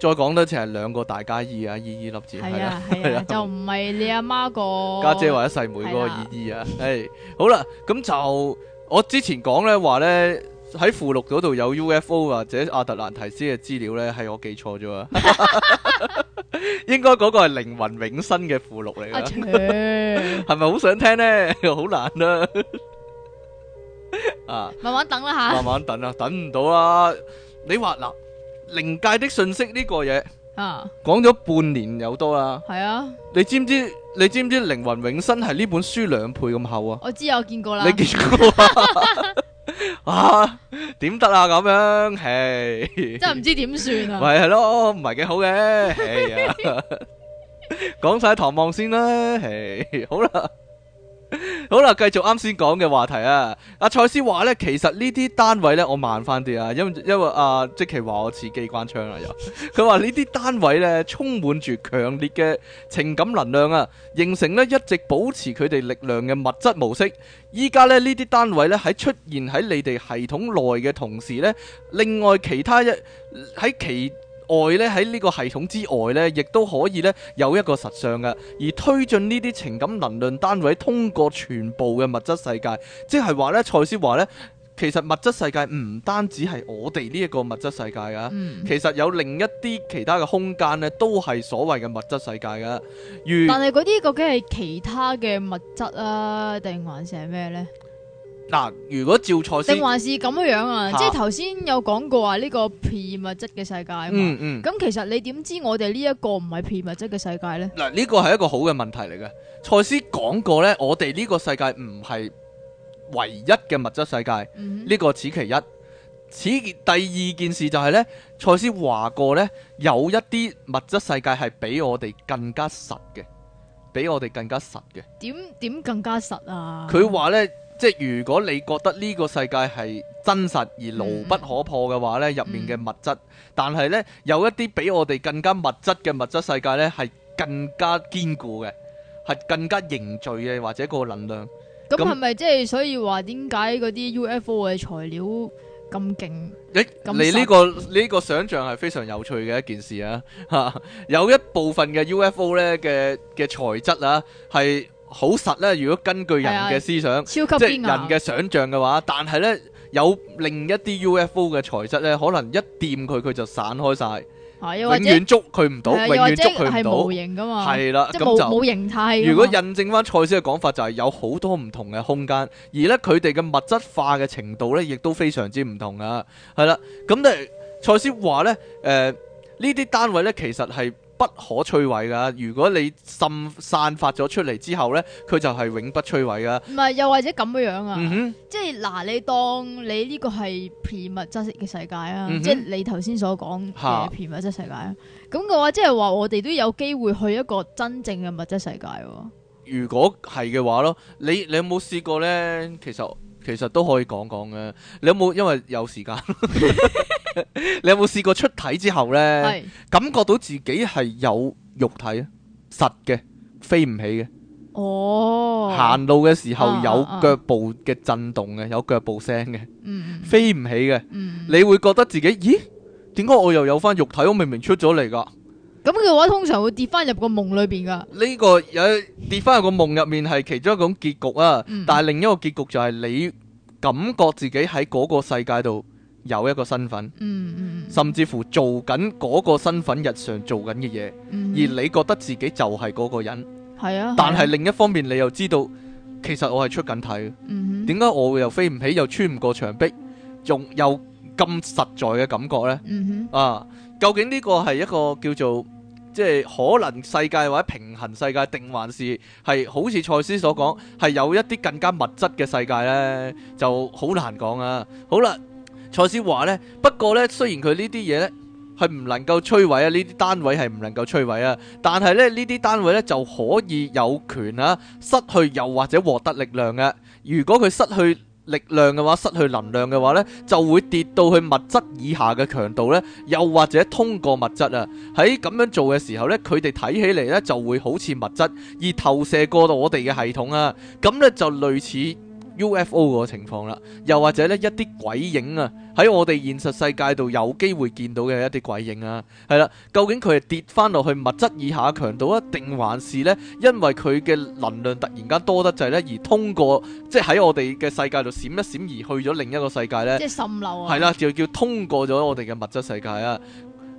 再講多次係兩個大家意啊，依依粒子係 啦，係啦， 就唔係你阿媽個家姐或者細妹嗰個依依啊。係， 好啦，咁就我之前講咧話咧。喺附錄嗰度有 UFO 或者阿特蘭提斯嘅資料呢，係我記錯咗啊！ 應該嗰個係靈魂永生嘅附錄嚟啦，係咪好想聽咧？好 很難啊， 啊！慢慢等啦吓， 慢慢等啊，等唔到啊！你話嗱，呃、靈界的信息呢個嘢啊，講咗半年有多啦，係啊，你知唔知！你知唔知？你知唔知靈魂永生係呢本書兩倍咁厚啊？我知啊，我見過啦，你見過啊！啊點得啊咁樣，真係唔知點算啊！喂，係咯，唔係幾好嘅，講晒唐望先啦，係好啦。 好啦，繼續啱先講嘅話題啊！阿賽斯話呢，其實呢啲單位呢，我慢翻啲啊，因因為阿積奇話我似機關槍啊，又佢話呢啲單位呢，充滿住強烈嘅情感能量啊，形成呢一直保持佢哋力量嘅物質模式。依家，呢呢啲單位呢，喺出現喺你哋系統內嘅同時呢，另外其他一喺其。外咧喺呢個系統之外咧，亦都可以咧有一個實相噶，而推進呢啲情感能量單位通過全部嘅物質世界，即係話咧，賽斯話咧，其實物質世界唔單止係我哋呢一個物質世界噶，嗯、其實有另一啲其他嘅空間咧，都係所謂嘅物質世界噶。但係嗰啲究竟係其他嘅物質啊，定還是係咩呢？嗱，如果照賽斯，定還是咁嘅樣啊？啊即係頭先有講過啊，呢個片物質嘅世界啊，咁、嗯嗯、其實你點知我哋呢一個唔係片物質嘅世界呢？嗱，呢個係一個好嘅問題嚟嘅。賽斯講過呢，我哋呢個世界唔係唯一嘅物質世界，呢、嗯、哼個此其一。此第二件事就係、是、呢，賽斯話過呢，有一啲物質世界係比我哋更加實嘅，比我哋更加實嘅。點點更加實啊？佢話呢。即係如果你覺得呢個世界係真實而牢不可破嘅話呢入、嗯、面嘅物質，嗯、但係呢有一啲比我哋更加物質嘅物質世界呢，係更加堅固嘅，係更加凝聚嘅，或者個能量。咁係咪即係所以話點解嗰啲 UFO 嘅材料咁勁？咦你呢、呢個呢、呢個想象係非常有趣嘅一件事啊！哈哈有一部分嘅 UFO 呢嘅嘅材質啊係。好實咧！如果根據人嘅思想，即係人嘅想象嘅話，但係咧有另一啲 UFO 嘅材質咧，可能一掂佢，佢就散開晒，啊、永遠捉佢唔到，啊、永遠捉佢唔到。係、啊、無形啦，咁了就冇形態。如果印證翻賽斯嘅講法，就係有好多唔同嘅空間，而咧佢哋嘅物質化嘅程度咧，亦都非常之唔同啊！係啦，咁誒，賽斯話咧，誒呢啲單位咧，其實係。不可摧毀噶，如果你滲散發咗出嚟之後呢，佢就係永不摧毀噶。唔係，又或者咁樣啊？嗯、哼即係嗱，你當你呢個係皮物質嘅世界啊，嗯、哼即係你頭先所講嘅皮物質世界。啊。咁嘅、啊、話，即係話我哋都有機會去一個真正嘅物質世界、啊。如果係嘅話咯，你你有冇試過呢？其實其實都可以講講嘅。你有冇因為有時間？ 你有冇試過出體之後呢？是感覺到自己係有肉體啊，實嘅飛唔起嘅。哦。行路嘅時候有腳步嘅震動嘅，啊啊有腳步聲嘅。嗯，飛唔起嘅。嗯、你會覺得自己咦？點解我又有翻肉體？我明明出咗嚟噶。咁嘅話，通常會跌翻入個夢裏邊噶。呢個有跌翻入個夢入面係其中一種結局啊。嗯、但係另一個結局就係你感覺自己喺嗰個世界度。有一個身份，mm hmm. 甚至乎做緊嗰個身份日常做緊嘅嘢，mm hmm. 而你覺得自己就係嗰個人，係啊、mm。Hmm. 但係另一方面，你又知道其實我係出緊體，點解、mm hmm. 我又飛唔起，又穿唔過牆壁，仲有咁實在嘅感覺呢？Mm hmm. 啊，究竟呢個係一個叫做即係可能世界或者平衡世界，定還是係好似賽斯所講，係有一啲更加物質嘅世界呢？就好難講啊。好啦。賽斯話呢，不過呢，雖然佢呢啲嘢呢係唔能夠摧毀啊，呢啲單位係唔能夠摧毀啊，但係呢呢啲單位呢，就可以有權啊失去又或者獲得力量嘅。如果佢失去力量嘅話，失去能量嘅話呢，就會跌到去物質以下嘅強度呢，又或者通過物質啊喺咁樣做嘅時候呢，佢哋睇起嚟呢，就會好似物質而投射過到我哋嘅系統啊，咁呢，就類似 UFO 嗰個情況啦，又或者呢，一啲鬼影啊。喺我哋現實世界度有機會見到嘅一啲鬼影啊，係啦，究竟佢係跌返落去物質以下強度啊，定還是呢？因為佢嘅能量突然間多得滯呢，而通過即係喺我哋嘅世界度閃一閃而去咗另一個世界呢？即係滲漏啊！係啦，就叫通過咗我哋嘅物質世界啊！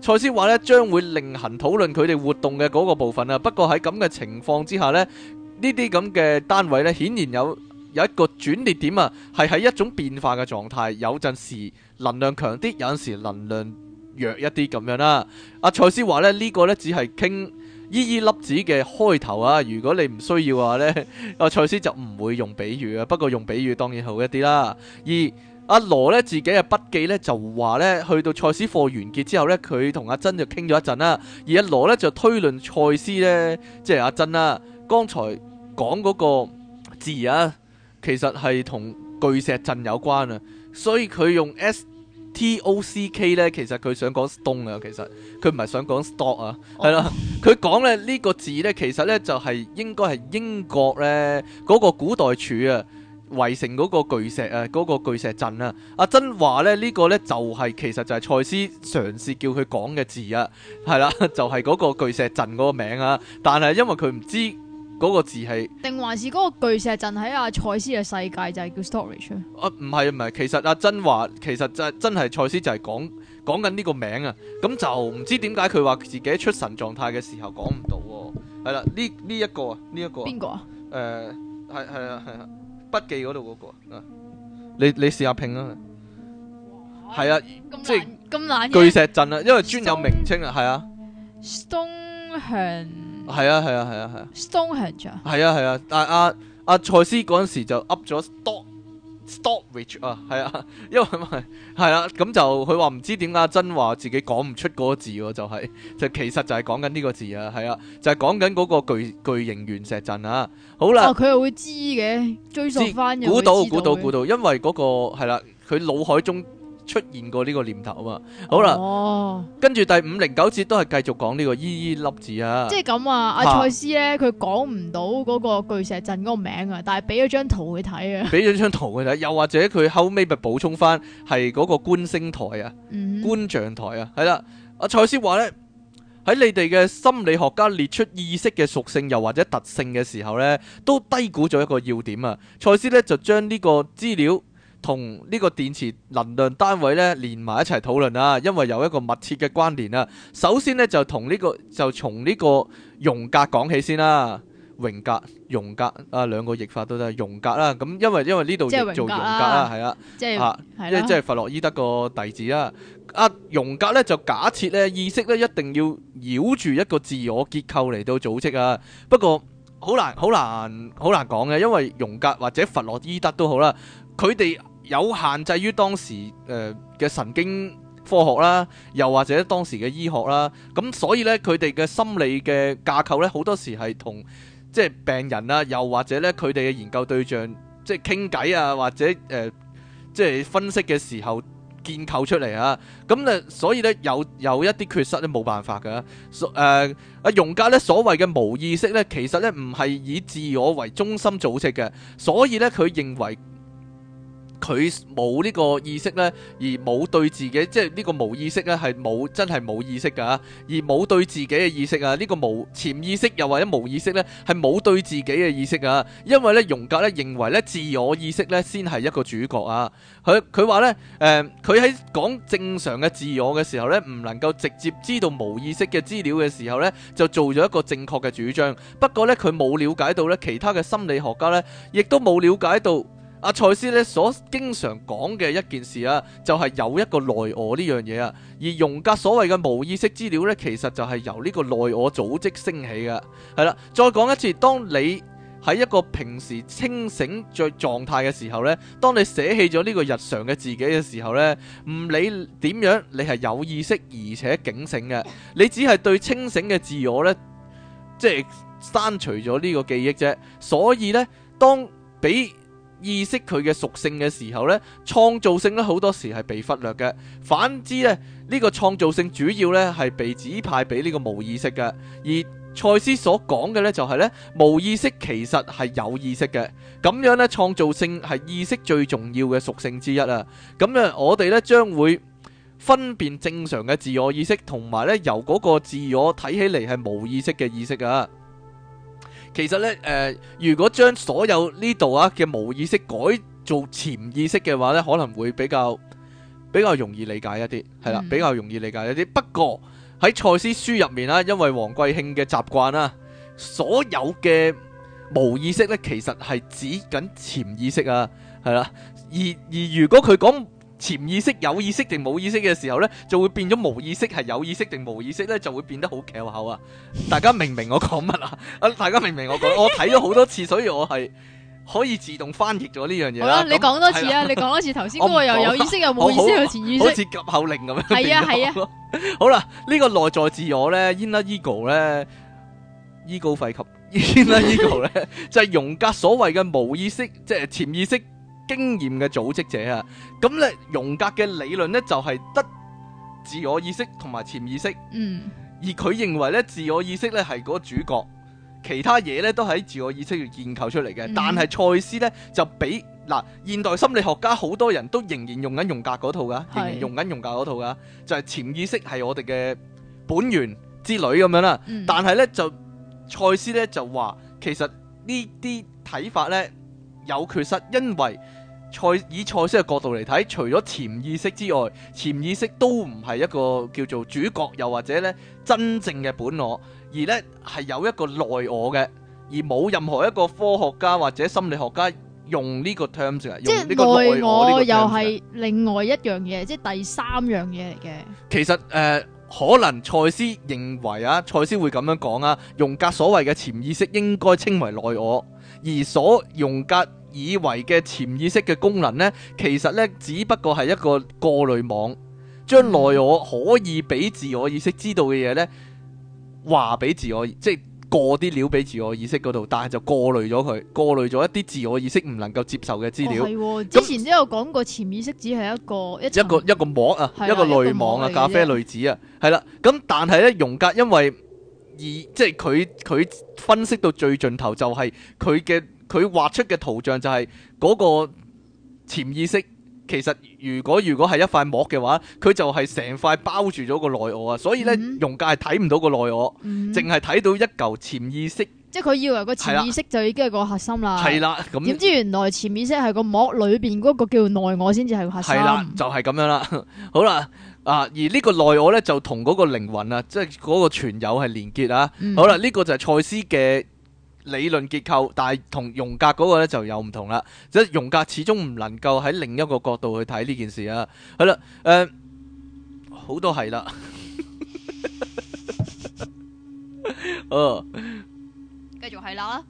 賽斯話呢，將會另行討論佢哋活動嘅嗰個部分啊。不過喺咁嘅情況之下呢，呢啲咁嘅單位呢，顯然有有一個轉捩點啊，係喺一種變化嘅狀態，有陣時能量強啲，有陣時能量弱一啲咁樣啦、啊。阿、啊、賽斯話咧，這個、呢個咧只係傾依依粒子嘅開頭啊。如果你唔需要嘅話咧，阿、啊、賽斯就唔會用比喻啊。不過用比喻當然好一啲啦。而阿、啊、羅咧自己嘅筆記咧就話咧，去到賽斯課完結之後咧，佢同阿珍就傾咗一陣啦、啊。而阿、啊、羅咧就推論賽斯咧，即係阿珍啦、啊，剛才講嗰個字啊。其實係同巨石陣有關啊，所以佢用 S T O C K 咧，其實佢想講 stone 啊。其實佢唔係想講 stock 啊，係啦、oh. 啊。佢講咧呢個字咧，其實咧就係應該係英國咧嗰個古代柱啊，圍成嗰個巨石啊，嗰、那個巨石陣啊。阿珍話咧呢個咧就係、是、其實就係賽斯嘗試叫佢講嘅字啊，係啦、啊，就係、是、嗰個巨石陣嗰個名啊。但係因為佢唔知。嗰字係，定還是嗰個巨石陣喺阿賽斯嘅世界就係叫 storage 啊？唔係唔係，其實阿珍話其實就真係賽斯就係講講緊呢個名啊，咁就唔知點解佢話自己出神狀態嘅時候講唔到喎。係啦，呢呢一個啊，呢一個邊個啊？誒，係係啊係啊，筆記嗰度嗰個啊，你你試下拼啊，係啊，即係巨石陣啊，因為專有名稱啊，係啊 s t o n e 係啊，係啊，係啊，係啊 s t o r 啊，係啊，係啊，但係阿阿賽斯嗰陣時就 up 咗 stop s t o p Which」。啊，係啊，因為係啦，咁就佢話唔知點解阿珍話自己講唔出個字喎，就係就其實就係講緊呢個字啊，係啊，就係講緊嗰個巨巨型原石陣啊，好啦，佢又會知嘅，追溯翻，估到估到估到，因為嗰個係啦，佢腦海中。出現過呢個念頭啊！嘛，好啦，跟住、哦、第五零九節都係繼續講呢個依依粒字啊！即係咁啊！阿賽斯呢，佢講唔到嗰個巨石陣嗰個名啊，但係俾咗張圖佢睇啊！俾咗張圖佢睇，又或者佢後尾咪補充翻係嗰個觀星台啊、嗯、觀象台啊，係啦！阿賽斯話呢，喺你哋嘅心理學家列出意識嘅屬性又或者特性嘅時候呢，都低估咗一個要點啊！賽斯呢，就將呢個資料。同呢個電磁能量單位咧連埋一齊討論啊，因為有一個密切嘅關聯啊。首先咧就同呢、這個就從呢個容格講起先啦、啊。容格、容格啊兩個譯法都得，容格啦、啊。咁因為因為呢度要做容格啦，係啊，即係、啊啊、即係弗洛伊德個弟子啦、啊。啊容格咧就假設咧意識咧一定要繞住一個自我結構嚟到組織啊。不過好難好難好難講嘅，因為容格或者弗洛伊德都好啦，佢哋。有限制於當時誒嘅神經科學啦，又或者當時嘅醫學啦，咁所以呢，佢哋嘅心理嘅架構呢，好多時係同即係病人啦，又或者呢，佢哋嘅研究對象即係傾偈啊，或者誒、呃、即係分析嘅時候建構出嚟啊，咁呢，所以呢，有有一啲缺失呢，冇辦法噶，所誒阿容家呢，所謂嘅無意識呢，其實呢，唔係以自我為中心組織嘅，所以呢，佢認為。佢冇呢個意識呢，而冇對自己即係呢個無意識呢係冇，真係冇意識噶，而冇對自己嘅意識啊，呢個無潛意識又或者無意識呢係冇對自己嘅意識啊，因為呢，榮格呢認為呢，自我意識呢先係一個主角啊，佢佢話呢誒，佢喺講正常嘅自我嘅時候呢，唔能夠直接知道冇意識嘅資料嘅時候呢，就做咗一個正確嘅主張，不過呢，佢冇了解到呢，其他嘅心理學家呢，亦都冇了解到。阿賽斯咧所經常講嘅一件事啊，就係有一個內我呢樣嘢啊。而容格所謂嘅無意識資料呢，其實就係由呢個內我組織升起嘅。係啦，再講一次，當你喺一個平時清醒狀態嘅時候呢，當你捨棄咗呢個日常嘅自己嘅時候呢，唔理點樣，你係有意識而且警醒嘅，你只係對清醒嘅自我呢，即係刪除咗呢個記憶啫。所以呢，當俾意識佢嘅屬性嘅時候呢，創造性呢好多時係被忽略嘅。反之呢，呢個創造性主要呢係被指派俾呢個無意識嘅。而賽斯所講嘅呢，就係呢無意識其實係有意識嘅。咁樣呢，創造性係意識最重要嘅屬性之一啊。咁樣，我哋呢，將會分辨正常嘅自我意識同埋呢由嗰個自我睇起嚟係無意識嘅意識啊。其實咧，誒、呃，如果將所有呢度啊嘅無意識改做潛意識嘅話咧，可能會比較比較容易理解一啲，係啦，比較容易理解一啲，嗯。不過喺賽斯書入面啦，因為黃貴慶嘅習慣啦，所有嘅無意識咧，其實係指緊潛意識啊，係啦，而而如果佢講潛意識有意識定冇意識嘅時候咧，就會變咗無意識，係有意識定冇意識咧，就會變得好嚼口啊！大家明唔明我講乜啊？啊，大家明唔明我講？我睇咗好多次，所以我係可以自動翻譯咗呢樣嘢，好啦。你講多次啊！你講多次頭先，嗰個又有意識又冇意識又潛意識，好似急口令咁樣。係啊係啊！好啦，呢個內在自我咧，Inner Ego 咧，Ego 肺及，Inner Ego 咧就係容格所謂嘅無意識，即係潛意識。經驗嘅組織者啊，咁咧榮格嘅理論咧就係、是、得自我意識同埋潛意識，嗯，而佢認為咧自我意識咧係嗰個主角，其他嘢咧都喺自我意識要建構出嚟嘅。嗯、但係賽斯咧就比嗱，現代心理學家好多人都仍然用緊榮格嗰套噶，是仍然用緊榮格嗰套噶，就係、是、潛意識係我哋嘅本源之類咁樣啦。嗯、但係咧就賽斯咧就話，其實呢啲睇法咧，有缺失，因為賽以賽斯嘅角度嚟睇，除咗潛意識之外，潛意識都唔係一個叫做主角，又或者咧真正嘅本我，而咧係有一個內我嘅，而冇任何一個科學家或者心理學家用呢個 terms 嚟，呢係內我呢又係另外一樣嘢，即係第三樣嘢嚟嘅。其實誒、呃，可能賽斯認為啊，賽斯會咁樣講啊，榮格所謂嘅潛意識應該稱為內我。而所容格以為嘅潛意識嘅功能呢，其實呢，只不過係一個過濾網，將內我可以俾自我意識知道嘅嘢呢，話俾自我，即係過啲料俾自我意識嗰度，但係就過濾咗佢，過濾咗一啲自我意識唔能夠接受嘅資料。哦哦、之前都有講過，潛意識只係一個那一層一個一個網啊，的一個濾網啊，網咖啡濾紙啊，係啦的。咁但係呢，容格因為。以即係佢，佢分析到最盡頭就係佢嘅，佢畫出嘅圖像就係嗰個潛意識。其實如果如果係一塊膜嘅話，佢就係成塊包住咗個內我啊。所以呢，榮格係睇唔到個內我，淨係睇到一嚿潛意識。即係佢以為個潛意識就已經係個核心啦。係啦，咁點知原來潛意識係個膜裏邊嗰個叫內我先至係核心。係啦，就係咁樣啦。 好啦。啊！而呢個內我呢，就同嗰個靈魂啊，即係嗰個存有係連結啊。嗯、好啦，呢、呢個就係賽斯嘅理論結構，但係同容格嗰個呢就有唔同啦。即係容格始終唔能夠喺另一個角度去睇呢件事啊。係、嗯、 好啦，誒好多係啦。誒、嗯，繼續係啦，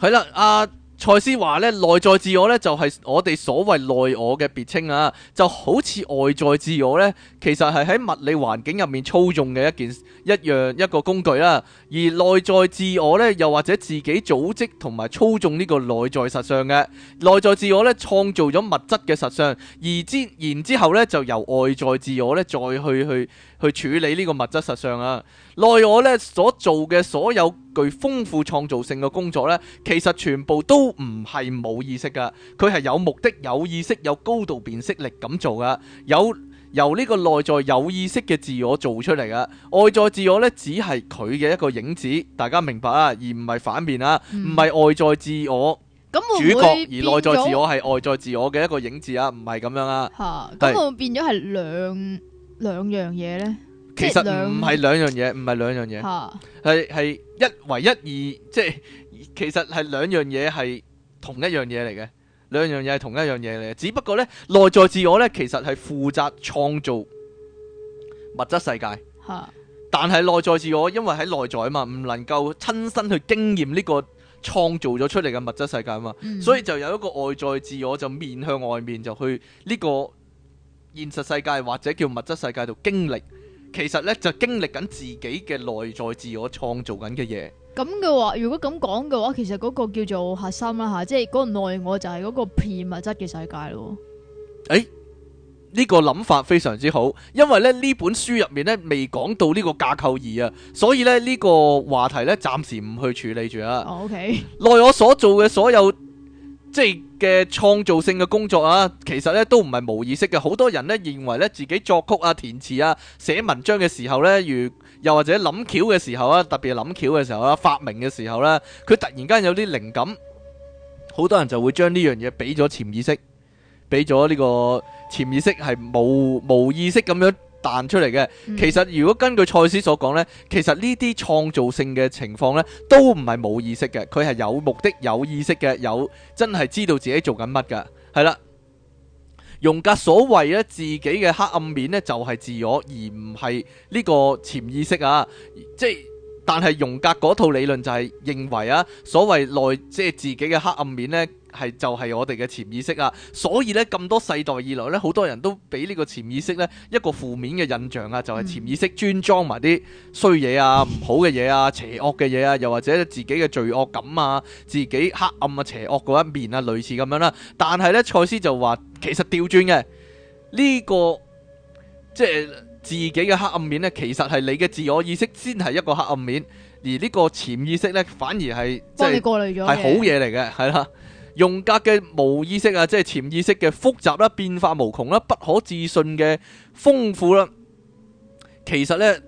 係、嗯、啦，阿。賽斯話咧，內在自我咧就係我哋所謂內我嘅別稱啊，就好似外在自我咧，其實係喺物理環境入面操縱嘅一件一樣一個工具啦。而內在自我咧，又或者自己組織同埋操縱呢個內在實相嘅內在自我咧，創造咗物質嘅實相，而之然之後咧，就由外在自我咧再去去去處理呢個物質實相啊。內我咧所做嘅所有具豐富創造性嘅工作呢，其實全部都唔係冇意識嘅，佢係有目的、有意識、有高度辨識力咁做嘅，有由呢個內在有意識嘅自我做出嚟嘅，外在自我呢，只係佢嘅一個影子，大家明白啦，而唔係反面啦、啊，唔係、嗯、外在自我主角，咁、嗯、會唔會而內在自我係外在自我嘅一個影子啊？唔係咁樣啊，啊對啊會唔會變咗係兩兩樣嘢呢？其實唔係兩樣嘢，唔係兩樣嘢，係係哈一唯一二，即係其實係兩樣嘢係同一樣嘢嚟嘅，兩樣嘢係同一樣嘢嚟嘅。只不過咧，內在自我咧其實係負責創造物質世界，哈但係內在自我因為喺內在啊嘛，唔能夠親身去經驗呢個創造咗出嚟嘅物質世界啊嘛，嗯、所以就有一個外在自我就面向外面就去呢個現實世界或者叫物質世界度經歷。其實咧就經歷緊自己嘅內在自我創造緊嘅嘢。咁嘅話，如果咁講嘅話，其實嗰個叫做核心啦吓，即係嗰個內我就係嗰個片物質嘅世界咯。誒，呢個諗法非常之好，因為咧呢本書入面咧未講到呢個架構二啊，所以咧呢個話題咧暫時唔去處理住啊。O K。內我所做嘅所有。即係嘅創造性嘅工作啊，其實呢都唔係無意識嘅。好多人呢認為呢自己作曲啊、填詞啊、寫文章嘅時候呢，如又或者諗橋嘅時候啊，特別係諗橋嘅時候啊、發明嘅時候呢，佢突然間有啲靈感，好多人就會將呢樣嘢俾咗潛意識，俾咗呢個潛意識係無無意識咁樣，彈出嚟嘅，其實如果根據賽斯所講呢，其實呢啲創造性嘅情況呢，都唔係冇意識嘅，佢係有目的、有意識嘅，有真係知道自己做緊乜㗎，係啦。榮格所謂咧自己嘅黑、啊啊、黑暗面呢，就係自我，而唔係呢個潛意識啊，即係但係榮格嗰套理論就係認為啊，所謂內即係自己嘅黑暗面呢。係就係我哋嘅潛意識啊，所以呢，咁多世代以來呢，好多人都俾呢個潛意識呢，一個負面嘅印象，就是，潛啊，就係潛意識專裝埋啲衰嘢啊，唔好嘅嘢啊，邪惡嘅嘢啊，又或者自己嘅罪惡感啊，自己黑暗啊，邪惡嗰一面啊，類似咁樣啦。但係呢，賽斯就話其實調轉嘅呢個即係，就是，自己嘅黑暗面呢，其實係你嘅自我意識先係一個黑暗面，而呢個潛意識呢，反而係幫你過濾咗係好嘢嚟嘅，係啦。用格嘅無意識啊，即係潛意識嘅複雜啦、變化無窮啦、不可置信嘅豐富啦，其實呢，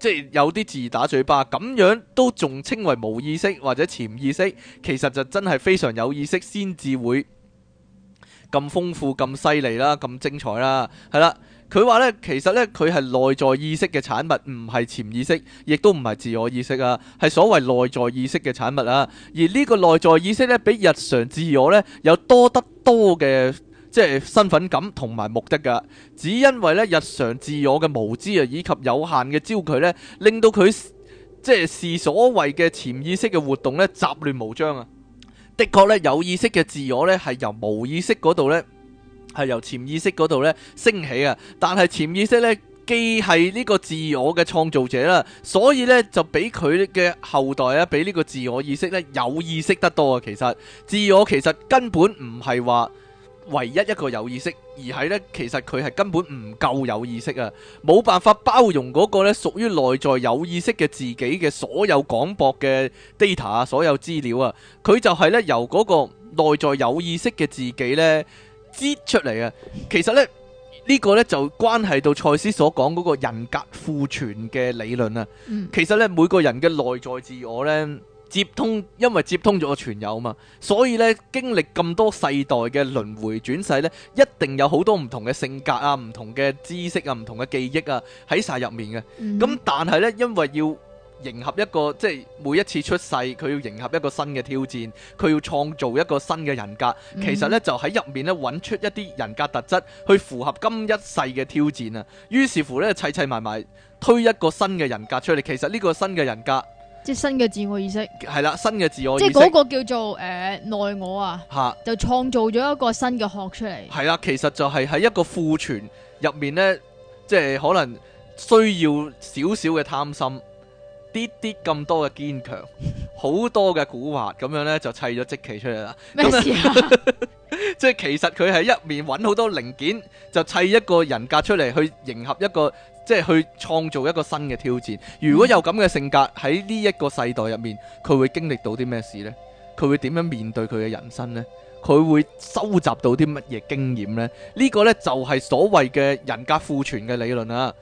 即係有啲自打嘴巴，咁樣都仲稱為無意識或者潛意識，其實就真係非常有意識，先至會咁豐富、咁犀利啦、咁精彩啦，係啦。佢話呢，其實呢，佢係內在意識嘅產物，唔係潛意識，亦都唔係自我意識啊，係所謂內在意識嘅產物啊。而呢個內在意識呢，比日常自我呢，有多得多嘅即係身份感同埋目的㗎。只因為呢，日常自我嘅無知啊，以及有限嘅焦距呢，令到佢即係是是所謂嘅潛意識嘅活動呢，雜亂無章啊。的確呢，有意識嘅自我呢，係由無意識嗰度呢，係由潛意識嗰度咧升起啊，但係潛意識咧既係呢個自我嘅創造者啦，所以咧就比佢嘅後代啊，比呢個自我意識咧有意識得多啊。其實自我其實根本唔係話唯一一個有意識，而係咧其實佢係根本唔夠有意識啊，冇辦法包容嗰個咧屬於內在有意識嘅自己嘅所有廣博嘅 data，所有資料啊，佢就係咧由嗰個內在有意識嘅自己咧。接出嚟啊！其實咧，呢個咧就關係到賽斯所講嗰個人格庫存嘅理論啊。其實咧，每個人嘅內在自我咧接通，因為接通咗個存有啊嘛，所以咧經歷咁多世代嘅輪迴轉世咧，一定有好多唔同嘅性格啊、唔同嘅知識啊、唔同嘅記憶啊喺晒入面嘅。咁但係咧，因為要，迎合一個即係每一次出世，佢要迎合一個新嘅挑戰，佢要創造一個新嘅人格。其實呢，就喺入面呢揾出一啲人格特質去符合今一世嘅挑戰啊。於是乎呢，砌砌埋埋推一個新嘅人格出嚟。其實呢個新嘅人格，即係新嘅自我意識，係啦，新嘅自我意識，即係嗰個叫做呃、內我啊，啊就創造咗一個新嘅殼出嚟。係啦，其實就係喺一個庫存入面呢，即係可能需要少少嘅貪心。呢啲咁多嘅堅強，好 多嘅古惑咁樣呢，就砌咗積氣出嚟啦。咩事啊？即係 其實佢係一面揾好多零件，就砌一個人格出嚟，去迎合一個，即係去創造一個新嘅挑戰。如果有咁嘅性格喺呢一個世代入面，佢會經歷到啲咩事呢？佢會點樣面對佢嘅人生呢？佢會收集到啲乜嘢經驗呢？呢個呢就係所謂嘅人格庫存嘅理論啊！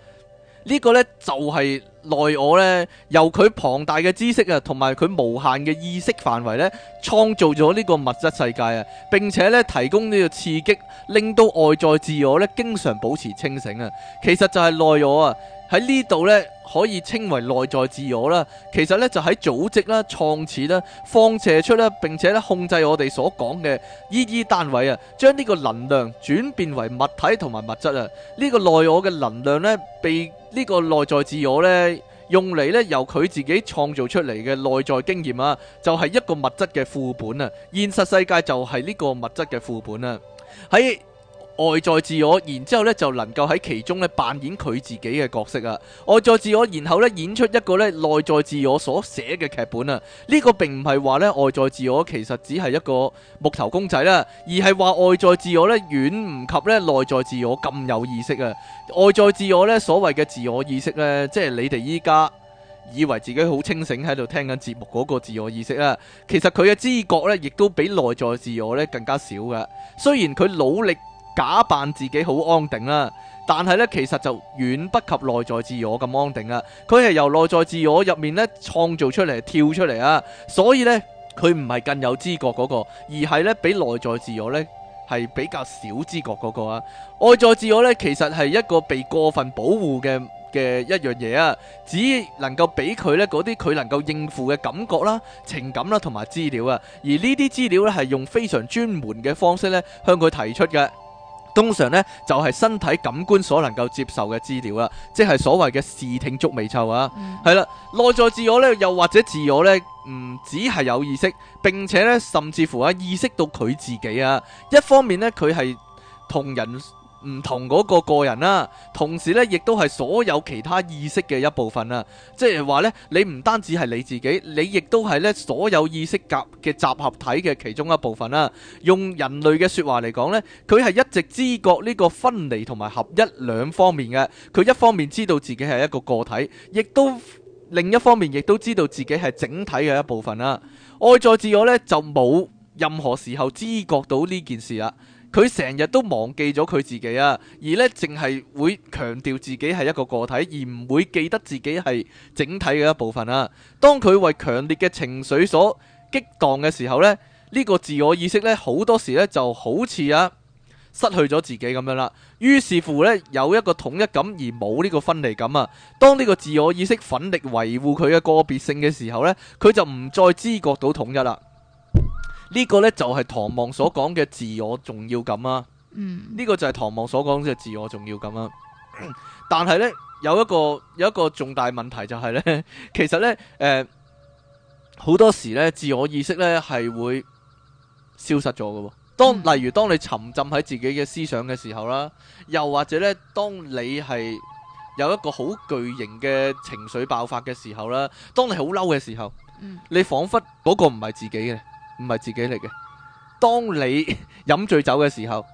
呢個呢就係。內我咧，由佢龐大嘅知識啊，同埋佢無限嘅意識範圍咧，創造咗呢個物質世界啊，並且咧提供呢個刺激，令到外在自我咧經常保持清醒啊。其實就係內我啊。喺呢度呢，可以稱為內在自我啦。其實呢，就喺組織啦、創始啦、放射出啦，並且咧控制我哋所講嘅依依單位啊，將呢個能量轉變為物體同埋物質啊。呢、呢個內我嘅能量呢，被呢個內在自我呢用嚟，咧由佢自己創造出嚟嘅內在經驗啊，就係、是、一個物質嘅副本啊。現實世界就係呢個物質嘅副本啊。喺外在自我，然之後咧就能夠喺其中咧扮演佢自己嘅角色啊！外在自我，然後咧演，演出一個咧內在自我所寫嘅劇本啊！呢、這個並唔係話咧外在自我其實只係一個木頭公仔啦，而係話外在自我咧遠唔及咧內在自我咁有意識啊！外在自我咧所謂嘅自我意識咧，即係你哋依家以為自己好清醒喺度聽緊節目嗰個自我意識啦，其實佢嘅知覺咧亦都比內在自我咧更加少噶。雖然佢努力。假扮自己好安定啦、啊，但係咧其實就遠不及內在自我咁安定啦、啊。佢係由內在自我入面咧創造出嚟、跳出嚟啊，所以咧佢唔係更有知覺嗰、嗰個，而係咧比內在自我咧係比較少知覺嗰個啊。外在自我咧其實係一個被過分保護嘅嘅一樣嘢啊，只能夠俾佢咧嗰啲佢能夠應付嘅感覺啦、啊、情感啦同埋資料啊，而資呢啲資料咧係用非常專門嘅方式咧向佢提出嘅。通常呢，就係、是、身體感官所能夠接受嘅資料啦，即係所謂嘅視聽觸味嗅啊，係啦、嗯。內在自我呢，又或者自我呢，唔、嗯、只係有意識，並且呢，甚至乎啊意識到佢自己啊。一方面呢，佢係同人唔同嗰個個人啦，同時咧，亦都係所有其他意識嘅一部分啦。即係話呢，你唔單止係你自己，你亦都係咧所有意識集嘅集合體嘅其中一部分啦。用人類嘅説話嚟講呢，佢係一直知覺呢個分離同埋合一兩方面嘅。佢一方面知道自己係一個個體，亦都另一方面亦都知道自己係整體嘅一部分啦。外在自我呢，就冇任何時候知覺到呢件事啦。佢成日都忘記咗佢自己啊，而呢淨係會強調自己係一個個體，而唔會記得自己係整體嘅一部分啊。當佢為強烈嘅情緒所激蕩嘅時候呢，呢、呢個自我意識呢，好多時呢就好似啊失去咗自己咁樣啦。於是乎呢，有一個統一感而冇呢個分離感啊。當呢個自我意識奮力維護佢嘅個別性嘅時候呢，佢就唔再知覺到統一啦。呢個呢，就係唐望所講嘅自我重要感啊，嗯、呢個就係唐望所講嘅自我重要感啊。但係呢，有一個有一個重大問題就係呢，其實呢，誒、呃、好多時呢，自我意識呢係會消失咗嘅。當例如當你沉浸喺自己嘅思想嘅時候啦，又或者呢，當你係有一個好巨型嘅情緒爆發嘅時候啦，當你好嬲嘅時候，嗯、你仿佛嗰個唔係自己嘅。唔係自己嚟嘅。當你飲 醉酒嘅時候，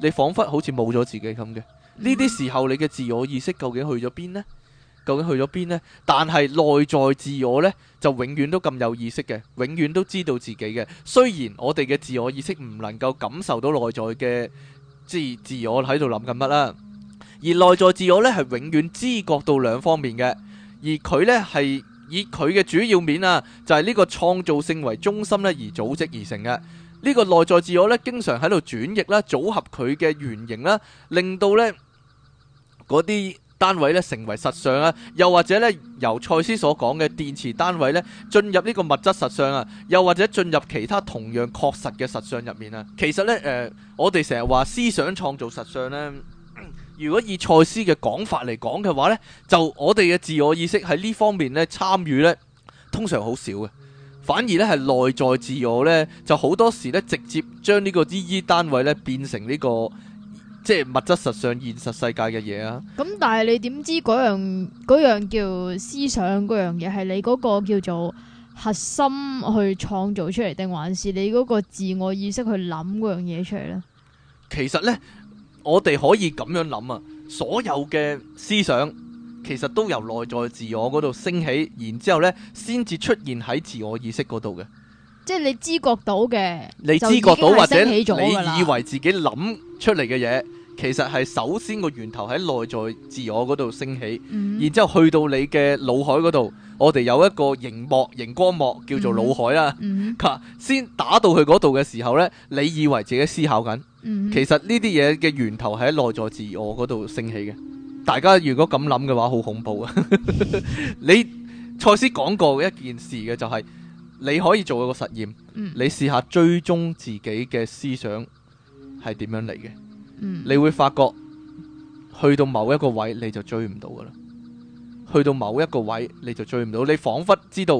你仿佛好似冇咗自己咁嘅。呢啲時候你嘅自我意識究竟去咗邊呢？究竟去咗邊呢？但係內在自我呢，就永遠都咁有意識嘅，永遠都知道自己嘅。雖然我哋嘅自我意識唔能夠感受到內在嘅，即係自我喺度諗緊乜啦。而內在自我呢，係永遠知覺到兩方面嘅，而佢呢，係。以佢嘅主要面啊，就係呢個創造性為中心咧而組織而成嘅。呢、這個內在自我咧，經常喺度轉譯啦，組合佢嘅原型啦，令到呢嗰啲單位咧成為實相啊。又或者咧，由賽斯所講嘅電池單位咧，進入呢個物質實相啊，又或者進入其他同樣確實嘅實相入面啊。其實咧，誒、呃，我哋成日話思想創造實相呢。如果以賽斯嘅講法嚟講嘅話呢，就我哋嘅自我意識喺呢方面呢參與呢，通常好少嘅，反而呢係內在自我呢就好多時呢直接將呢個 EE 單位呢變成呢個即係物質實上現實世界嘅嘢啊！咁但係你點知嗰樣嗰樣叫思想嗰樣嘢係你嗰個叫做核心去創造出嚟，定還是你嗰個自我意識去諗嗰樣嘢出嚟呢？其實呢。我哋可以咁樣諗啊，所有嘅思想其實都由內在自我嗰度升起，然之後呢先至出現喺自我意識嗰度嘅，即係你知覺到嘅，你知覺到或者你以為自己諗出嚟嘅嘢，其實係首先個源頭喺內在自我嗰度升起，mm hmm. 然之後去到你嘅腦海嗰度，我哋有一個熒幕、熒光幕叫做腦海啦，先、mm hmm. mm hmm. 打到去嗰度嘅時候呢，你以為自己思考緊。其實呢啲嘢嘅源頭喺內在,在自我嗰度升起嘅，大家如果咁諗嘅話，好恐怖啊！ 你賽斯講過一件事嘅就係、是，你可以做一個實驗，你試下追蹤自己嘅思想係點樣嚟嘅，嗯、你會發覺去到某一個位你就追唔到噶啦，去到某一個位你就追唔到,到，你仿佛知道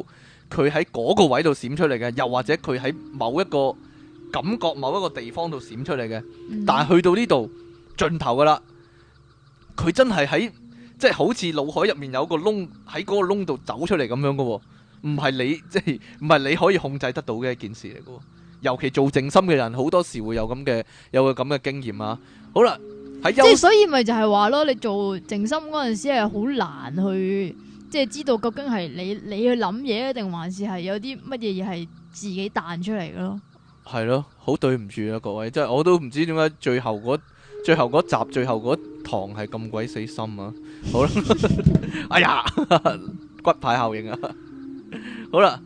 佢喺嗰個位度閃出嚟嘅，又或者佢喺某一個。感覺某一個地方度閃出嚟嘅，mm hmm. 但係去到呢度盡頭噶啦，佢真係喺即係好似腦海入面有個窿，喺嗰個窿度走出嚟咁樣噶，唔係你即係唔係你可以控制得到嘅一件事嚟噶，尤其做靜心嘅人好多時會有咁嘅有咁嘅經驗啊。好啦，係即係所以咪就係話咯，你做靜心嗰陣時係好難去即係知道究竟係你你去諗嘢，定還是係有啲乜嘢嘢係自己彈出嚟嘅咯？係咯，好對唔住啦，各位，即係我都唔知點解最後嗰最後嗰集，最後嗰堂係咁鬼死心啊！好啦，哎呀，骨牌效應啊！好啦，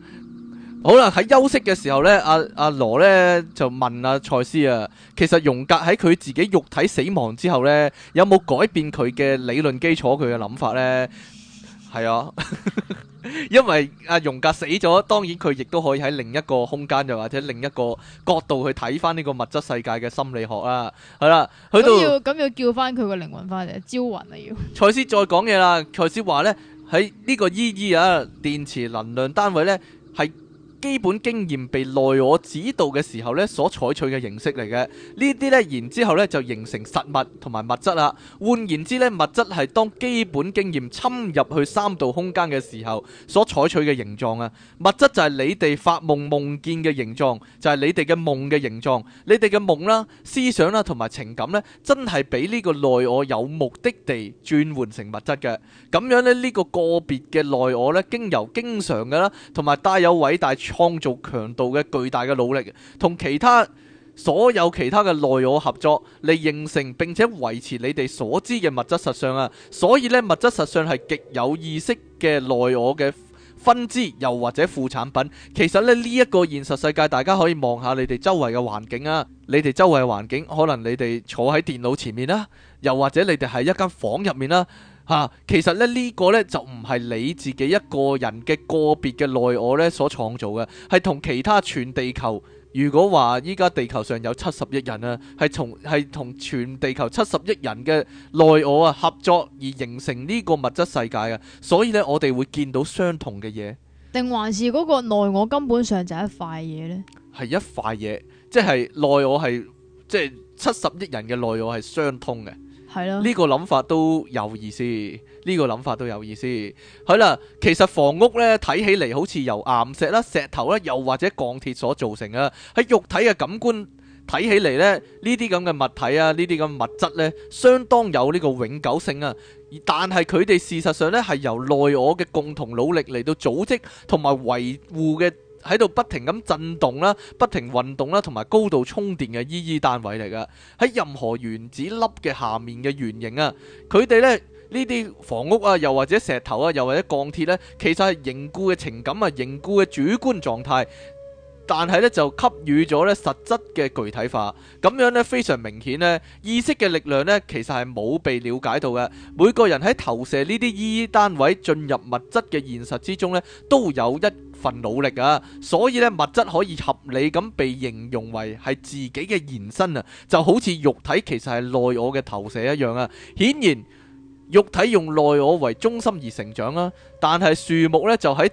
好啦，喺休息嘅時候咧，阿阿羅咧就問阿賽斯啊，其實容格喺佢自己肉體死亡之後咧，有冇改變佢嘅理論基礎，佢嘅諗法咧？係啊， 因為阿榮格死咗，當然佢亦都可以喺另一個空間，又或者另一個角度去睇翻呢個物質世界嘅心理學啊。係 啦，佢都要咁要叫翻佢個靈魂翻嚟招魂啊！要賽斯再講嘢啦，賽斯話呢，喺呢個依依啊電池能量單位呢。係。基本經驗被內我指導嘅時候咧，所採取嘅形式嚟嘅，呢啲咧然之後咧就形成實物同埋物質啦。換言之咧，物質係當基本經驗侵入去三度空間嘅時候所採取嘅形狀啊。物質就係你哋發夢夢見嘅形狀，就係你哋嘅夢嘅形狀，你哋嘅夢啦、思想啦同埋情感咧，真係俾呢個內我有目的地轉換成物質嘅。咁樣呢，呢個個別嘅內我咧，經由經常嘅啦，同埋帶有偉大。創造強度嘅巨大嘅努力，同其他所有其他嘅內我合作嚟形成並且維持你哋所知嘅物質實相啊！所以呢物質實相係極有意識嘅內我嘅分支又或者副產品。其實呢，呢一個現實世界，大家可以望下你哋周圍嘅環境啊，你哋周圍嘅環境，可能你哋坐喺電腦前面啦，又或者你哋喺一間房入面啦。啊，其實咧，呢個呢，就唔係你自己一個人嘅個別嘅內我呢所創造嘅，係同其他全地球。如果話依家地球上有七十億人啊，係從係同全地球七十億人嘅內我啊合作而形成呢個物質世界啊，所以呢，我哋會見到相同嘅嘢，定還是嗰個內我根本上就係一塊嘢呢？係一塊嘢，即係內我係即係七十億人嘅內我係相通嘅。呢個諗法都有意思，呢個諗法都有意思。係啦，其實房屋呢睇起嚟好似由岩石啦、石頭啦，又或者鋼鐵所造成啊。喺肉體嘅感官睇起嚟呢，呢啲咁嘅物體啊，呢啲咁嘅物質呢，相當有呢個永久性啊。但係佢哋事實上呢，係由內我嘅共同努力嚟到組織同埋維護嘅。喺度不停咁震動啦，不停運動啦，同埋高度充電嘅依依單位嚟㗎。喺任何原子粒嘅下面嘅圓形啊，佢哋呢呢啲房屋啊，又或者石頭啊，又或者鋼鐵呢，其實係凝固嘅情感啊，凝固嘅主觀狀態。但係呢就給予咗呢實質嘅具體化，咁樣呢非常明顯呢，意識嘅力量呢其實係冇被瞭解到嘅。每個人喺投射呢啲依依單位進入物質嘅現實之中呢，都有一份努力啊，所以呢，物質可以合理咁被形容為係自己嘅延伸啊，就好似肉體其實係內我嘅投射一樣啊。顯然，肉體用內我為中心而成長啊，但係樹木呢就喺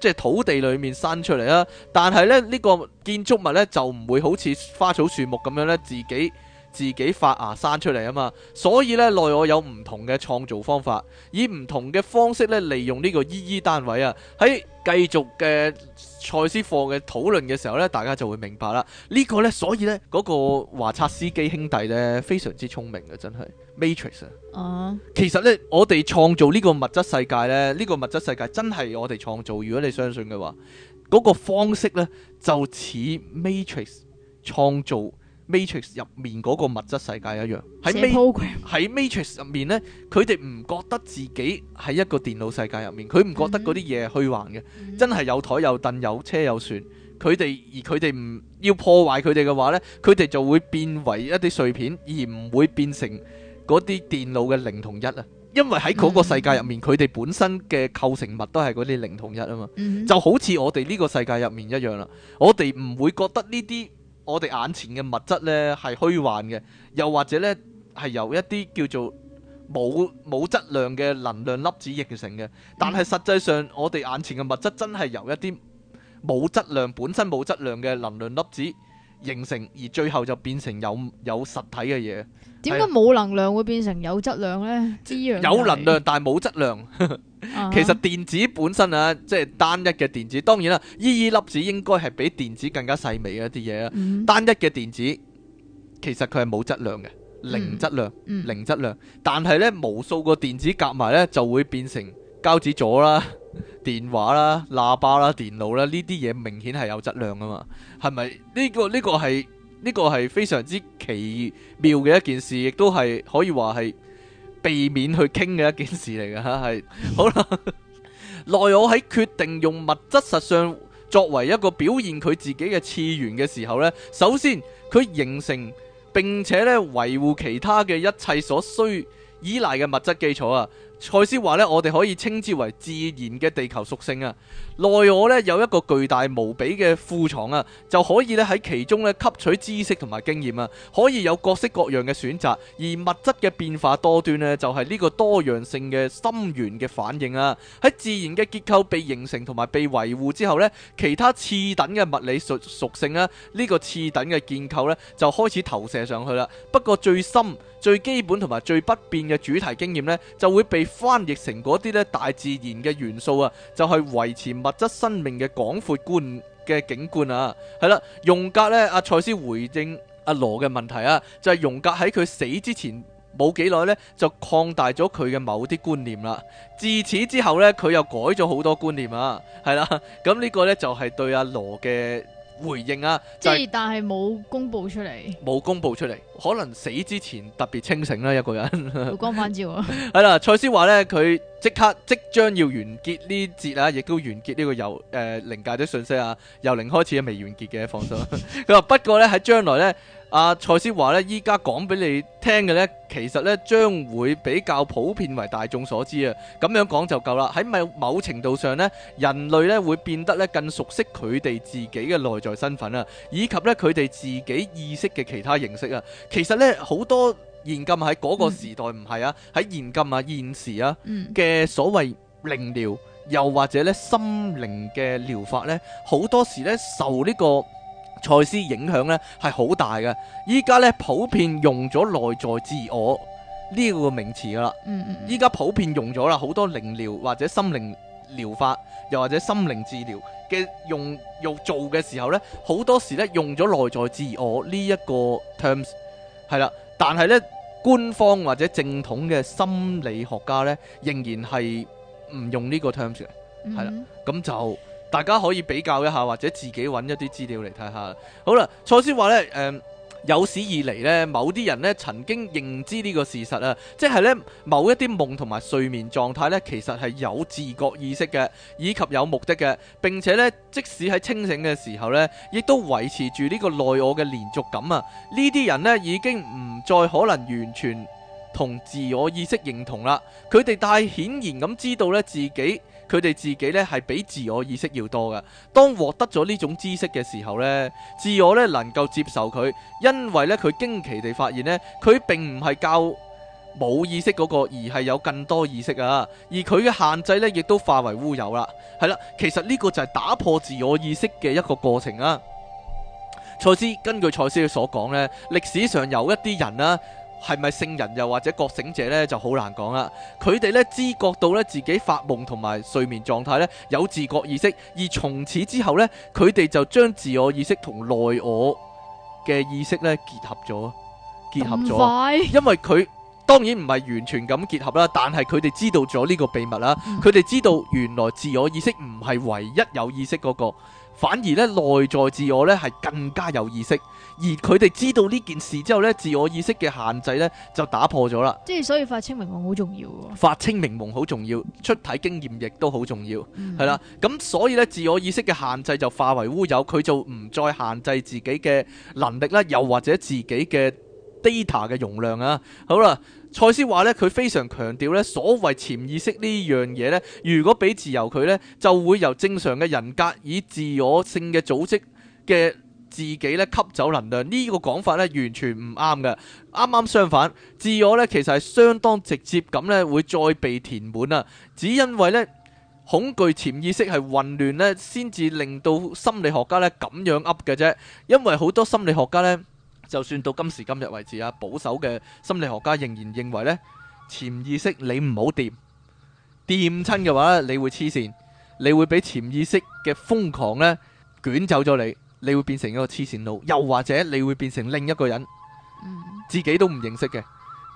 即係土地裏面生出嚟啊。但係呢，呢個建築物呢就唔會好似花草樹木咁樣呢自己。自己發芽生出嚟啊嘛，所以呢，內外有唔同嘅創造方法，以唔同嘅方式呢，利用呢個 EE、e、單位啊。喺繼續嘅賽斯課嘅討論嘅時候呢，大家就會明白啦。呢、這個呢，所以呢，嗰、那個華策斯基兄弟呢，非常之聰明嘅，真係 Matrix 啊。Uh. 其實呢，我哋創造呢個物質世界呢，呢、這個物質世界真係我哋創造。如果你相信嘅話，嗰、那個方式呢，就似 Matrix 創造。Matrix 入面嗰個物質世界一樣，喺 Matrix 入面呢，佢哋唔覺得自己喺一個電腦世界入面，佢唔覺得嗰啲嘢係虛幻嘅，mm hmm. 真係有台有凳有車有船。佢哋而佢哋唔要破壞佢哋嘅話呢，佢哋就會變為一啲碎片，而唔會變成嗰啲電腦嘅零同一啊。因為喺嗰個世界入面，佢哋、mm hmm. 本身嘅構成物都係嗰啲零同一啊嘛，mm hmm. 就好似我哋呢個世界入面一樣啦。我哋唔會覺得呢啲。我哋眼前嘅物質呢係虛幻嘅，又或者呢係由一啲叫做冇冇質量嘅能量粒子形成嘅。但係實際上，我哋眼前嘅物質真係由一啲冇質量本身冇質量嘅能量粒子形成，而最後就變成有有實體嘅嘢。點解冇能量會變成有質量呢？有能量但係冇質量。其實電子本身啊，即係單一嘅電子。當然啦，依、e、依粒子應該係比電子更加細微嘅一啲嘢啦。嗯、單一嘅電子其實佢係冇質量嘅，零質量，嗯、零質量。但係呢，無數個電子夾埋呢，就會變成膠紙咗啦、電話啦、喇叭啦、電腦啦呢啲嘢，明顯係有質量㗎嘛。係咪？呢、這個呢、這個係呢、這個係非常之奇妙嘅一件事，亦都係可以話係。避免去傾嘅一件事嚟嘅㗎，係好啦。嚟 我喺決定用物質實相作為一個表現佢自己嘅次元嘅時候呢，首先佢形成並且呢，維護其他嘅一切所需依賴嘅物質基礎啊。賽斯話呢，我哋可以稱之為自然嘅地球屬性啊。內我呢有一個巨大無比嘅庫藏啊，就可以呢喺其中呢吸取知識同埋經驗啊，可以有各式各樣嘅選擇。而物質嘅變化多端呢，就係呢個多樣性嘅心源嘅反應啊。喺自然嘅結構被形成同埋被維護之後呢，其他次等嘅物理屬屬性啊，呢、這個次等嘅結構呢，就開始投射上去啦。不過最深。最基本同埋最不變嘅主題經驗呢，就會被翻譯成嗰啲咧大自然嘅元素啊，就係、是、維持物質生命嘅廣闊觀嘅景觀啊。係啦，容格呢，阿、啊、賽斯回應阿、啊、羅嘅問題啊，就係、是、容格喺佢死之前冇幾耐呢，就擴大咗佢嘅某啲觀念啦。自此之後呢，佢又改咗好多觀念啊。係啦，咁呢個呢，就係、是、對阿、啊、羅嘅。回應啊！即、就、係、是、但係冇公布出嚟，冇公布出嚟，可能死之前特別清醒啦、啊，一個人。迴光返照啊！係 啦，賽斯話咧，佢即刻即將要完結呢節啊，亦都完結呢個由誒靈、呃、界啲訊息啊，由零開始啊，未完結嘅，放心。佢 話說 不過咧喺將來咧。阿蔡、啊、思話咧，依家講俾你聽嘅呢，其實呢，將會比較普遍為大眾所知啊。咁樣講就夠啦。喺某某程度上呢，人類呢，會變得呢，更熟悉佢哋自己嘅內在身份啊，以及呢，佢哋自己意識嘅其他形式啊。其實呢，好多現今喺嗰個時代唔係啊，喺現今啊現時啊嘅、嗯、所謂靈療，又或者呢，心靈嘅療法呢，好多時呢，受呢、這個。賽斯影響咧係好大嘅，依家咧普遍用咗內在自我呢、這個名詞噶啦。依家、嗯嗯、普遍用咗啦，好多靈療或者心靈療法，又或者心靈治療嘅用用做嘅時候咧，好多時咧用咗內在自我呢一、這個 terms 係啦。但係咧官方或者正統嘅心理學家咧，仍然係唔用呢個 terms 嘅，係啦，咁、嗯嗯、就。大家可以比較一下，或者自己揾一啲資料嚟睇下。好啦，賽斯話呢，誒、呃、有史以嚟呢，某啲人咧曾經認知呢個事實啊，即係呢某一啲夢同埋睡眠狀態呢，其實係有自覺意識嘅，以及有目的嘅。並且呢，即使喺清醒嘅時候呢，亦都維持住呢個內我嘅連續感啊。呢啲人呢，已經唔再可能完全同自我意識認同啦。佢哋太顯然咁知道呢自己。佢哋自己咧係比自我意識要多㗎。當獲得咗呢種知識嘅時候呢，自我咧能夠接受佢，因為呢，佢驚奇地發現呢，佢並唔係較冇意識嗰、那個，而係有更多意識啊。而佢嘅限制呢，亦都化為烏有啦。係啦，其實呢個就係打破自我意識嘅一個過程啊。賽斯根據賽斯嘅所講呢，歷史上有一啲人啦。係咪聖人又或者覺醒者呢？就好難講啦。佢哋呢，知覺到呢，自己發夢同埋睡眠狀態呢有自覺意識，而從此之後呢，佢哋就將自我意識同內我嘅意識呢結合咗，結合咗。因為佢當然唔係完全咁結合啦，但係佢哋知道咗呢個秘密啦。佢哋知道原來自我意識唔係唯一有意識嗰個，反而呢，內在自我呢係更加有意識。而佢哋知道呢件事之後咧，自我意識嘅限制咧就打破咗啦。即係所以發清明夢好重要喎。發清明夢好重要，出體經驗亦都好重要，係啦、嗯。咁所以咧，自我意識嘅限制就化為烏有，佢就唔再限制自己嘅能力啦，又或者自己嘅 data 嘅容量啊。好啦，賽斯話呢，佢非常強調呢所謂潛意識呢樣嘢呢，如果俾自由佢呢，就會由正常嘅人格以自我性嘅組織嘅。自己咧吸走能量呢個講法咧完全唔啱嘅，啱啱相反，自我咧其實係相當直接咁咧會再被填滿啊！只因為咧恐懼潛意識係混亂咧，先至令到心理學家咧咁樣噏嘅啫。因為好多心理學家咧，就算到今時今日為止啊，保守嘅心理學家仍然認為咧，潛意識你唔好掂，掂親嘅話咧你會黐線，你會俾潛意識嘅瘋狂咧捲走咗你。你會變成一個痴線佬，又或者你會變成另一個人，自己都唔認識嘅。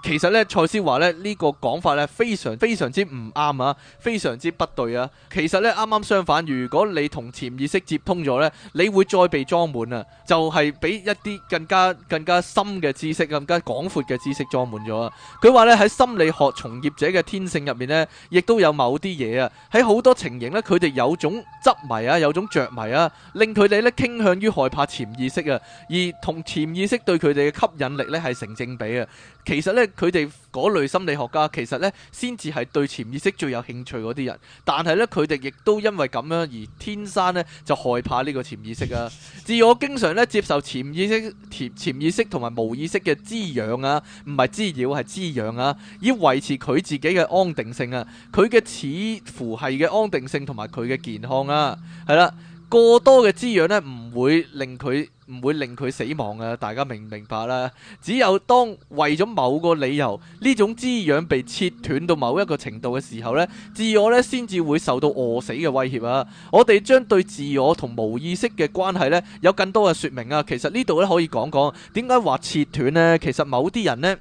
其實咧，賽斯話咧呢個講法咧，非常非常之唔啱啊，非常之不對啊。其實咧，啱啱相反，如果你同潛意識接通咗咧，你會再被裝滿啊，就係俾一啲更加更加深嘅知識、更加廣闊嘅知識裝滿咗啊。佢話咧，喺心理學從業者嘅天性入面呢，亦都有某啲嘢啊。喺好多情形呢，佢哋有種執迷啊，有種着迷啊，令佢哋呢傾向於害怕潛意識啊，而同潛意識對佢哋嘅吸引力呢，係成正比啊。其實呢。佢哋嗰類心理學家其實呢，先至係對潛意識最有興趣嗰啲人，但係呢，佢哋亦都因為咁樣而天生呢，就害怕呢個潛意識啊！自我經常呢接受潛意識、潛意識同埋無意識嘅滋養啊，唔係滋擾，係滋養啊，以維持佢自己嘅安定性啊，佢嘅似乎係嘅安定性同埋佢嘅健康啊，係啦。過多嘅滋養呢，唔會令佢唔會令佢死亡嘅，大家明唔明白啦？只有當為咗某個理由，呢種滋養被切斷到某一個程度嘅時候呢，自我呢先至會受到餓死嘅威脅啊！我哋將對自我同無意識嘅關係呢，有更多嘅說明啊！其實呢度呢，可以講講點解話切斷呢？其實某啲人呢，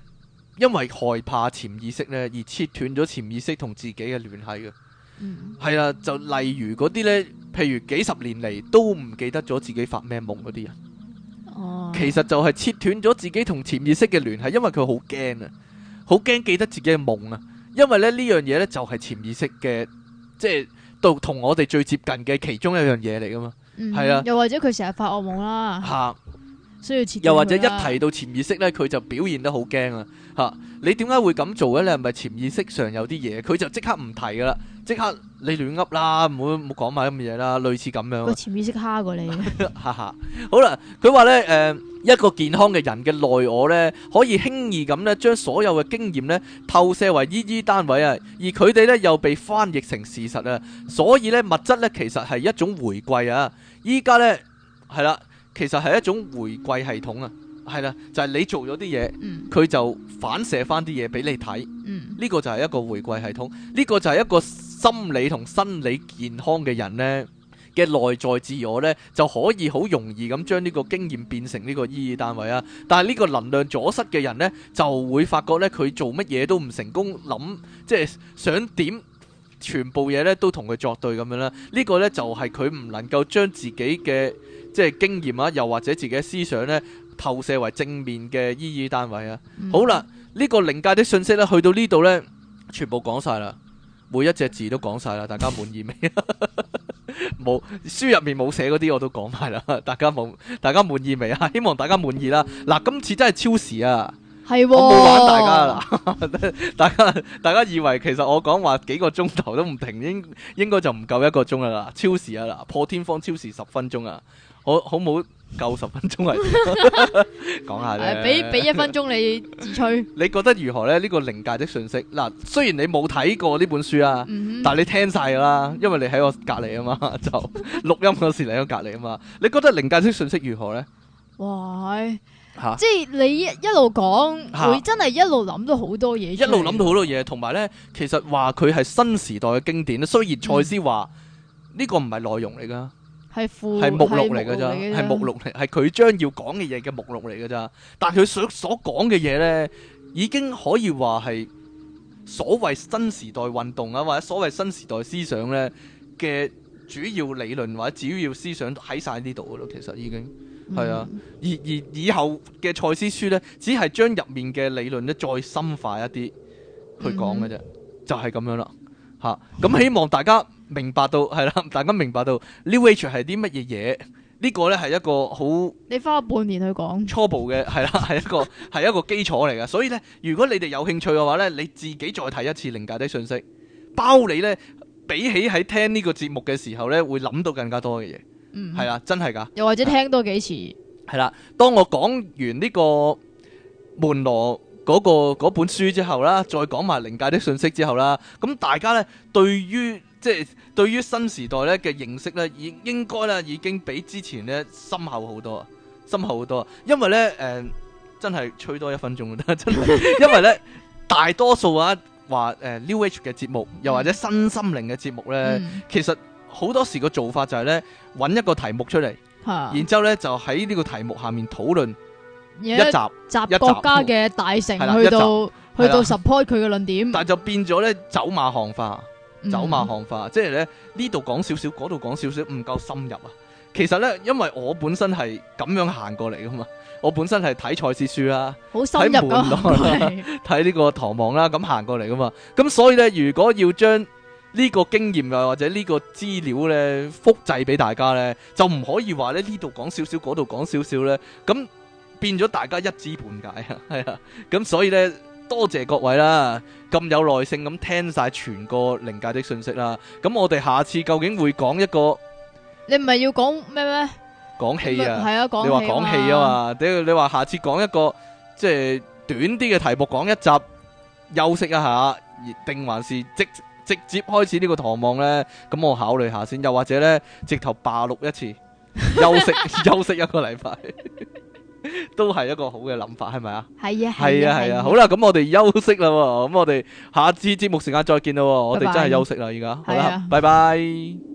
因為害怕潛意識呢，而切斷咗潛意識同自己嘅聯繫嘅。係、嗯、啊，就例如嗰啲呢，譬如幾十年嚟都唔記得咗自己發咩夢嗰啲人，其實就係切斷咗自己同潛意識嘅聯繫，因為佢好驚啊，好驚記得自己嘅夢啊，因為咧呢樣嘢呢，就係潛意識嘅，即係到同我哋最接近嘅其中一樣嘢嚟噶嘛，係、嗯、啊，又或者佢成日發噩夢啦，吓、啊。又或者一提到潛意識咧，佢就表現得好驚啊！吓，你點解會咁做嘅？你係咪潛意識上有啲嘢？佢就即刻唔提噶啦，即刻你亂噏啦，唔好唔好講埋咁嘅嘢啦，類似咁樣。個潛意識蝦過你。哈哈，好啦，佢話咧，誒、呃，一個健康嘅人嘅內我咧，可以輕易咁咧，將所有嘅經驗咧，透射為依依單位啊，而佢哋咧又被翻譯成事實啊，所以咧物質咧其實係一種回饋啊！依家咧係啦。其實係一種回饋系統啊，係啦，就係、是、你做咗啲嘢，佢、嗯、就反射翻啲嘢俾你睇，呢、嗯、個就係一個回饋系統。呢、呢個就係一個心理同生理健康嘅人呢嘅內在自我呢，就可以好容易咁將呢個經驗變成呢個意義單位啊。但係呢個能量阻塞嘅人呢，就會發覺呢，佢做乜嘢都唔成功，諗即係想點，全部嘢呢都同佢作對咁樣啦。呢、呢個呢，就係佢唔能夠將自己嘅，即係經驗啊，又或者自己嘅思想呢，投射為正面嘅意義單位啊。嗯、好啦，呢、呢個靈界啲信息呢，去到呢度呢，全部講晒啦，每一隻字都講晒啦，大家滿意未啊？冇 書入面冇寫嗰啲，我都講埋啦。大家冇，大家滿意未啊？希望大家滿意啦。嗱，今次真係超時啊，係、哦、我冇玩大家啊。大家大家以為其實我講話幾個鐘頭都唔停，應應該就唔夠一個鐘噶啦，超時啊！嗱，破天荒超時十分鐘啊！好好冇夠十分鐘嚟講下咧、啊，俾俾一分鐘你自吹。 你覺得如何呢？呢、這個靈界的訊息嗱、啊，雖然你冇睇過呢本書啊，嗯、哼但係你聽晒啦，因為你喺我隔籬啊嘛，就錄音嗰時嚟我隔籬啊嘛。你覺得靈界的訊息如何呢？哇！啊、即係你一路講，佢真係一路諗到好多嘢，啊、一路諗到好多嘢。同埋呢，其實話佢係新時代嘅經典咧。雖然賽斯話呢個唔係內容嚟噶。係目錄嚟噶咋，係目錄嚟，係佢將要講嘅嘢嘅目錄嚟噶咋。但係佢所所講嘅嘢咧，已經可以話係所謂新時代運動啊，或者所謂新時代思想咧嘅主要理論或者主要思想喺晒呢度噶咯。其實已經係啊。而而以後嘅賽斯書咧，只係將入面嘅理論咧再深化一啲去講嘅啫，就係咁樣啦。吓，咁、啊、希望大家明白到，係啦， 大家明白到 New Age 係啲乜嘢嘢？呢個呢係一個好，你花半年去講初步嘅，係啦，係一個係 一個基礎嚟噶。所以呢，如果你哋有興趣嘅話呢，你自己再睇一次靈界的訊息，包你呢，比起喺聽呢個節目嘅時候呢，會諗到更加多嘅嘢。嗯哼，係啦，真係噶。又或者聽多幾次，係啦。當我講完呢個門羅嗰、那個嗰本書之後啦，再講埋靈界的訊息之後啦，咁大家呢，對於即係對於新時代呢嘅認識呢，應應該呢已經比之前呢深厚好多啊，深厚好多，因為呢，誒、呃、真係吹多一分鐘都得，真係， 因為呢，大多數啊話誒 New Age 嘅節目，又或者新心靈嘅節目呢，嗯、其實好多時個做法就係呢，揾一個題目出嚟，嗯、然之後呢，就喺呢個題目下面討論。一集集國家嘅大成去到去到 support 佢嘅論點，但就變咗咧走馬看花，嗯、走馬看花，即係咧呢度講少少，嗰度講少少，唔夠深入啊！其實咧，因為我本身係咁樣行過嚟噶嘛，我本身係睇《賽斯書、啊》啦，好睇門內睇呢個唐望、啊《唐望》啦，咁行過嚟噶嘛，咁所以咧，如果要將呢個經驗啊或者個資呢個資料咧複製俾大家咧，就唔可以話咧呢度講少，少少，嗰度講少少咧咁。變咗大家一知半解啊，係啊，咁所以呢，多謝各位啦，咁有耐性咁聽晒全個靈界的訊息啦。咁我哋下次究竟會講一個？你唔係要講咩咩？講戲啊？係啊，講你話講戲啊嘛？你話下次講一個即係短啲嘅題目，講一集，休息一下，定還是直直接開始呢個堂望呢？咁我考慮下先，又或者呢，直頭罷錄一次，休息 休息一個禮拜。 都係一個好嘅諗法，係咪啊？係啊，係啊，係啊。好啦，咁我哋休息啦，咁我哋下次節目時間再見啦。Bye bye 我哋真係休息啦，而家好啦，拜拜。